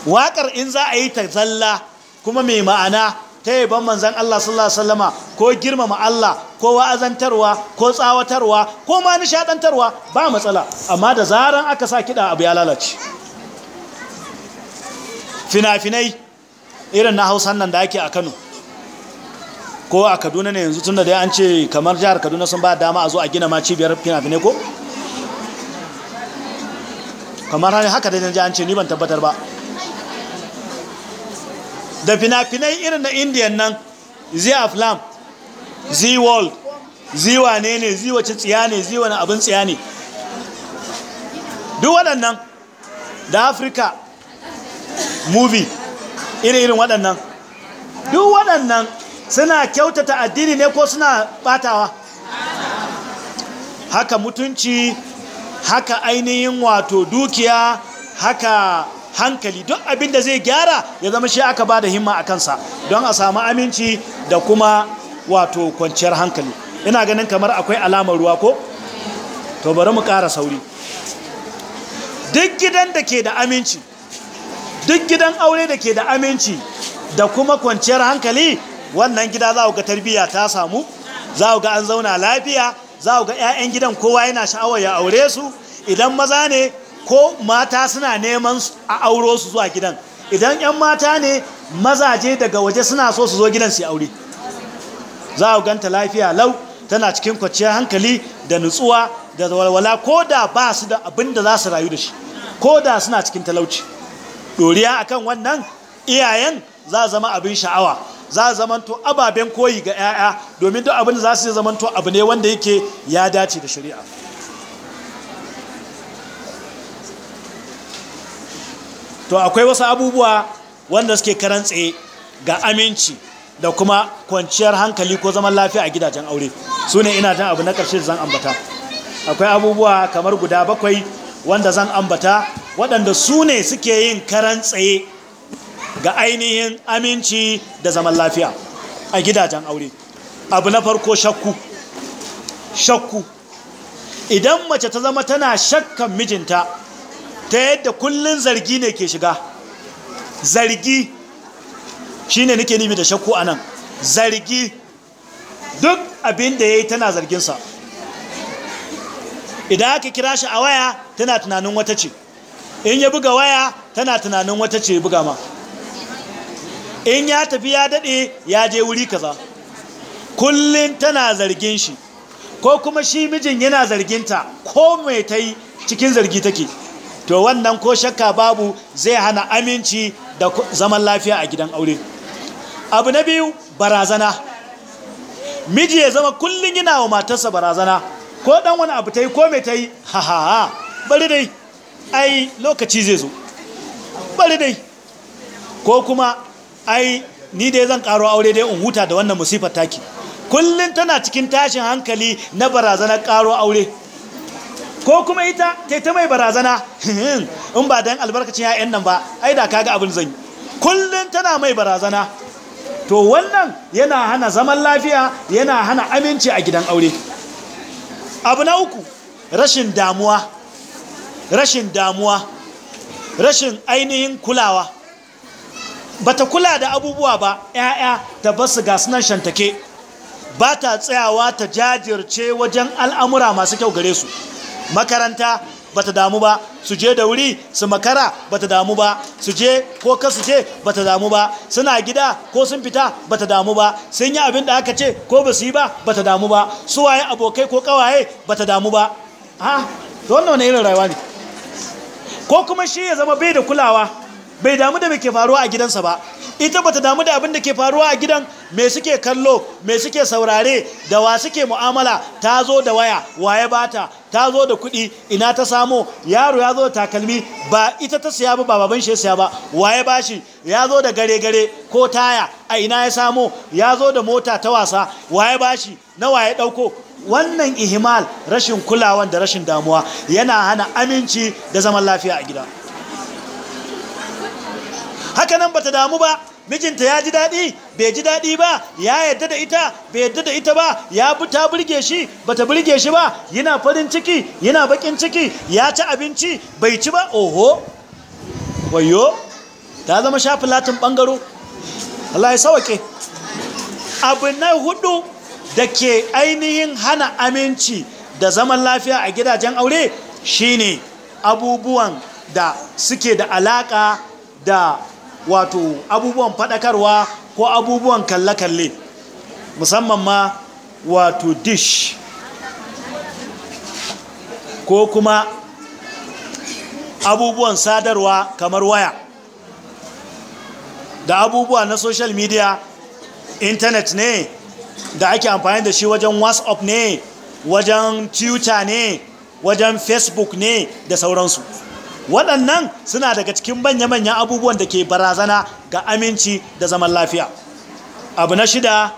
waƙar in za a yi ta zalla kuma mai ma'ana ta ban manzan Allah sallallahu alaihi wasallama ko girmama Allah ko wa'azantarwa ko tsawatarwa ko ma nishadantarwa ba matsala amma da zaran aka sa kiɗa abu ya lalace fina-finai irin na Hausan nan da ake a Kano ko a Kaduna ne yanzu tunda dai an ce kamar jihar Kaduna sun ba dama a zo a gina ma cibiyar fina-finai ko kamar haka dai an ce ni ban tabbatar ba da fina-finai irin na indiyan nan zia flam zai world ziwa ne ne ziwace tsiya ne ziwa na abin tsiya ne duk waɗannan da afirka movie iri-irin waɗannan duk waɗannan suna kyautata addini ne ko suna batawa haka mutunci haka ainihin wato dukiya haka hankali duk abin da zai gyara ya zama shi aka ba da himma a kansa don a samu aminci da kuma wato kwanciyar hankali ina ganin kamar akwai alamar ruwa ko to bari mu kara sauri duk gidan da ke da aminci duk gidan aure da ke da aminci da kuma kwanciyar hankali wannan gida za ga tarbiyya ta samu za ga an zauna lafiya za ga 'ya'yan gidan kowa yana sha'awar ya aure su idan maza ne ko mata suna neman a auro su zuwa gidan idan 'yan mata ne mazaje daga waje suna so su zo gidan su aure za a ganta lafiya lau tana cikin kwanciyar hankali da nutsuwa da walwala ko da ba su da abin da za su rayu da shi ko da suna cikin talauci doriya akan wannan iyayen za zama abin sha'awa za zamanto ababen koyi ga 'ya'ya domin duk abin da za su zamanto abu ne wanda yake ya dace da shari'a to akwai wasu abubuwa wanda suke karantse ga aminci da kuma kwanciyar hankali ko zaman lafiya a gidajen aure su ne ina jan abu na ƙarshe zan ambata akwai abubuwa kamar guda bakwai wanda zan ambata waɗanda su ne suke yin karan ga ainihin aminci da zaman lafiya a gidajen aure abu na farko shakku shakku idan mace ta zama tana shakkan mijinta ta yadda kullun zargi ne ke shiga zargi shi shine nake nimi da shakku a nan zargi duk abin da ya yi tana zarginsa. idan aka kira shi a waya tana tunanin wata ce in ya buga waya tana tunanin wata ce buga ma in ya tafi ya daɗe ya je wuri kaza kullum tana zargin shi ko kuma shi mijin yana zarginta ko mai ta yi cikin zargi take to wannan ko shakka babu zai hana aminci da zaman lafiya a gidan aure abu na biyu barazana miji ya zama kullum yana wa matarsa barazana ko dan wani abu ta yi ko mai ta yi ha ha ha bari dai ai lokaci zai zo bari dai ko kuma ai ni dai zan karo aure dai in huta da wannan musifar taki kullum tana cikin tashin hankali na barazanar karo aure ko kuma ita ta ta mai barazana hmm, in ba dan albarkacin ya'yan nan ba ai da kaga abin zan kullum tana mai barazana to wannan yana hana zaman lafiya yana hana aminci a gidan aure abu na uku rashin damuwa rashin damuwa rashin ainihin kulawa Ba ta kula da abubuwa ba 'ya'ya ta basu ga sunan shantake ba ta tsayawa ta jajirce wajen al'amura masu kyau gare su makaranta bata damu ba su je da wuri su makara bata damu ba su je ko ka su je bata damu ba suna gida ko sun fita bata damu ba sun yi abin da aka ce ko ba su yi ba bata damu ba su waye abokai ko kawaye bata damu ba ha wannan wani irin rayuwa ne ko kuma shi ya zama bai da kulawa bai damu da mai faruwa a gidansa ba ita bata damu da abin da ke faruwa a gidan me suke kallo me suke saurare da wa suke mu'amala ta zo da waya waye bata ta zo da kuɗi ina ta samo yaro ya zo da takalmi ba ita ta siya ba baban shi ya siya ba waye bashi ya zo da gare-gare ko taya a ina ya samo ya zo da mota ta wasa waye bashi na waye ɗauko wannan ihimal rashin kulawan da rashin damuwa yana hana aminci da zaman lafiya a gida haka nan bata damu ba mijinta ya ji daɗi bai ji daɗi ba ya yarda da ita bai yadda da ita ba ya ta burge shi ba ta burge shi ba yana farin ciki yana bakin ciki ya ci abinci bai ci ba oho wayo ta zama sha latin ɓangaro Allah ya sauke abu na hudu da ke ainihin hana aminci da zaman lafiya a gidajen aure shine abubuwan da suke da alaka da wato abubuwan fadakarwa ko abubuwan kalle-kalle musamman ma wato dish ko kuma abubuwan sadarwa kamar waya da abubuwa na social media internet ne da ake amfani da shi wajen whatsapp ne wajen twitter ne wajen facebook ne da sauransu waɗannan suna daga cikin manya-manyan abubuwan da ke barazana ga aminci da zaman lafiya abu na shida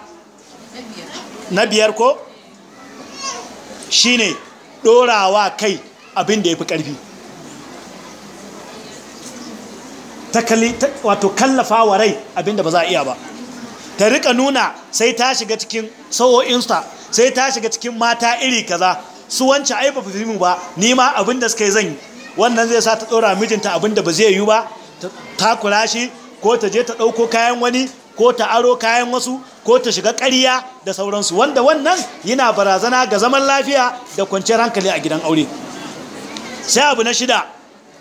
na biyar ko shine ɗorawa kai abin da ya fi ƙarfi wato kallafa wa rai abin da ba za a iya ba ta rika nuna sai ta shiga cikin sa'o'insta sai ta shiga cikin mata iri kaza su wancan ai ba ba nima abin da suka yi zan yi wannan zai sa ta tsora mijinta abinda ba zai yi ba ta kula shi ko ta je ta ɗauko kayan wani ko ta aro kayan wasu ko ta shiga ƙariya da sauransu wanda wannan yana barazana ga zaman lafiya da kwanciyar hankali a gidan aure sai abu na shida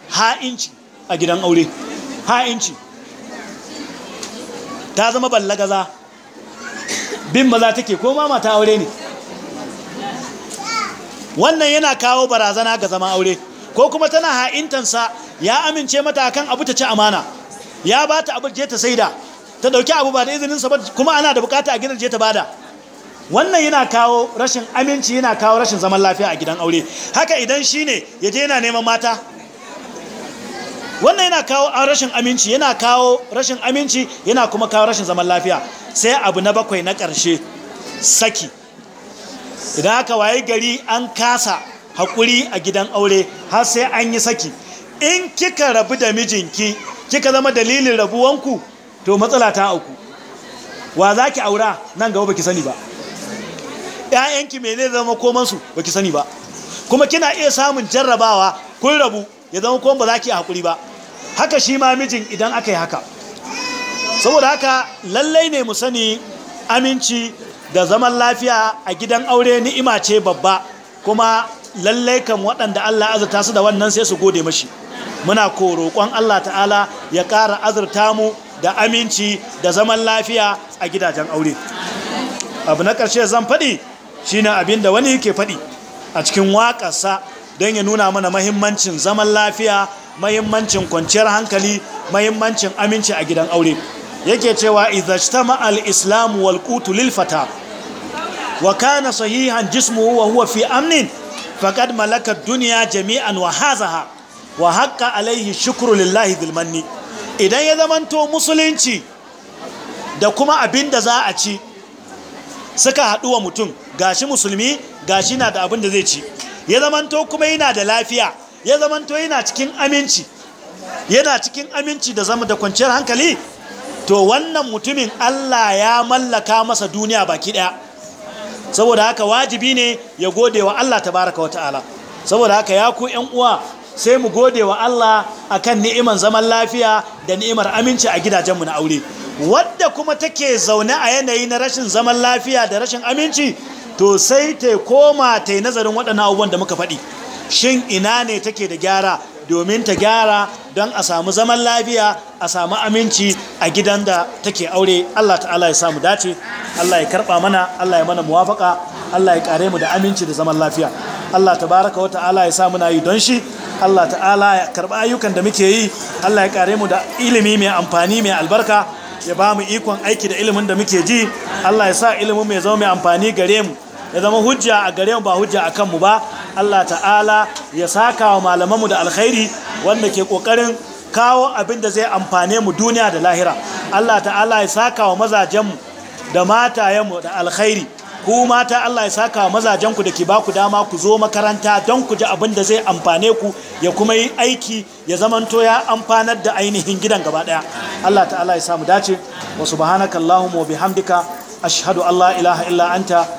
ha'inci a gidan aure ha'inci ta zama ballagaza bin maza ke ko ma mata aure ne wannan yana kawo barazana ga zaman aure ko kuma tana ha'intansa ya amince mata kan abu ta ci amana ya ba ta abu je ta saida ta dauki abu ba da sa ba kuma ana da bukata a gidan je ta bada wannan yana kawo rashin aminci yana kawo rashin zaman lafiya a gidan aure haka idan shi ne ya je yana neman mata wannan yana kawo rashin aminci yana kawo rashin aminci yana kuma kawo rashin zaman lafiya sai abu na bakwai na ƙarshe saki idan haka waye gari an kasa haƙuri a gidan aure har sai an yi saki in kika rabu da mijinki kika zama dalilin rabuwanku to matsala ta auku wa za ki aura nan gaba baki sani ba ‘ya'yanki mai zai zama komansu baki sani ba kuma kina iya samun jarrabawa kun rabu ya zama kuma ba za ki haƙuri ba haka shi ma mijin idan aka yi haka saboda haka lallai ne mu sani aminci da zaman lafiya a gidan aure ni'ima ce babba kuma lallai kan waɗanda Allah azurta su da wannan sai su gode mashi muna ko roƙon Allah ta'ala ya ƙara azurta mu da aminci da zaman lafiya a gidajen aure abu na ƙarshe zan faɗi shine abin da wani yake faɗi a cikin waƙarsa don ya nuna mana mahimmancin zaman lafiya mahimmancin kwanciyar hankali mahimmancin aminci a gidan aure yake cewa idhajtama al islamu wal qutu lil fata wa kana sahihan jismuhu wa huwa fi amnin faqad malaka duniya jami'an wa hazaha wa haƙa alaihi shukuru lillahi dhil idan ya zamanto musulunci da kuma abin da za a ci suka haɗuwa mutum gashi musulmi gashi na da abin da zai ci ya zamanto kuma yana da lafiya ya zamanto yana cikin aminci yana cikin aminci da zama da kwanciyar hankali to wannan mutumin Allah ya mallaka masa duniya baki ɗaya saboda haka wajibi ne ya gode wa Allah tabaraka wata'ala saboda haka ya ku ƴan uwa sai mu gode wa Allah akan ni'imar zaman lafiya da ni'imar aminci a gidajenmu na aure wadda kuma take zaune a yanayi na rashin zaman lafiya da rashin aminci to sai ta koma ta yi nazarin waɗannan abubuwan da muka faɗi shin ina ne take da gyara domin ta gyara don a samu zaman lafiya a samu aminci a gidan da take aure Allah ta'ala ya samu dace Allah ya karba mana Allah ya mana muwafaka Allah ya kare mu da aminci da zaman lafiya Allah tabaraka wa ta'ala ya samu na yi don shi Allah ta'ala ya karba ayyukan da muke yi Allah ya kare mu da ilimi mai amfani mai albarka ya ba mu ikon aiki da ilimin da muke ji Allah ya sa ilimin mai zama mai amfani gare mu ya zama hujja a gare mu ba hujja a kanmu ba Allah ta'ala ya saka wa malamanmu da alkhairi wanda ke kokarin kawo abin da zai amfane mu duniya da lahira Allah ta'ala ya saka wa mazajenmu da matayenmu da alkhairi ku mata Allah ya saka wa mazajenku da ke ba ku dama ku zo makaranta don ku ji abin da zai amfane ku ya kuma yi aiki ya zamanto ya amfanar da ainihin gidan gaba daya Allah ta'ala ya samu dace wa subhanakallahumma wa bihamdika ashhadu an la ilaha illa anta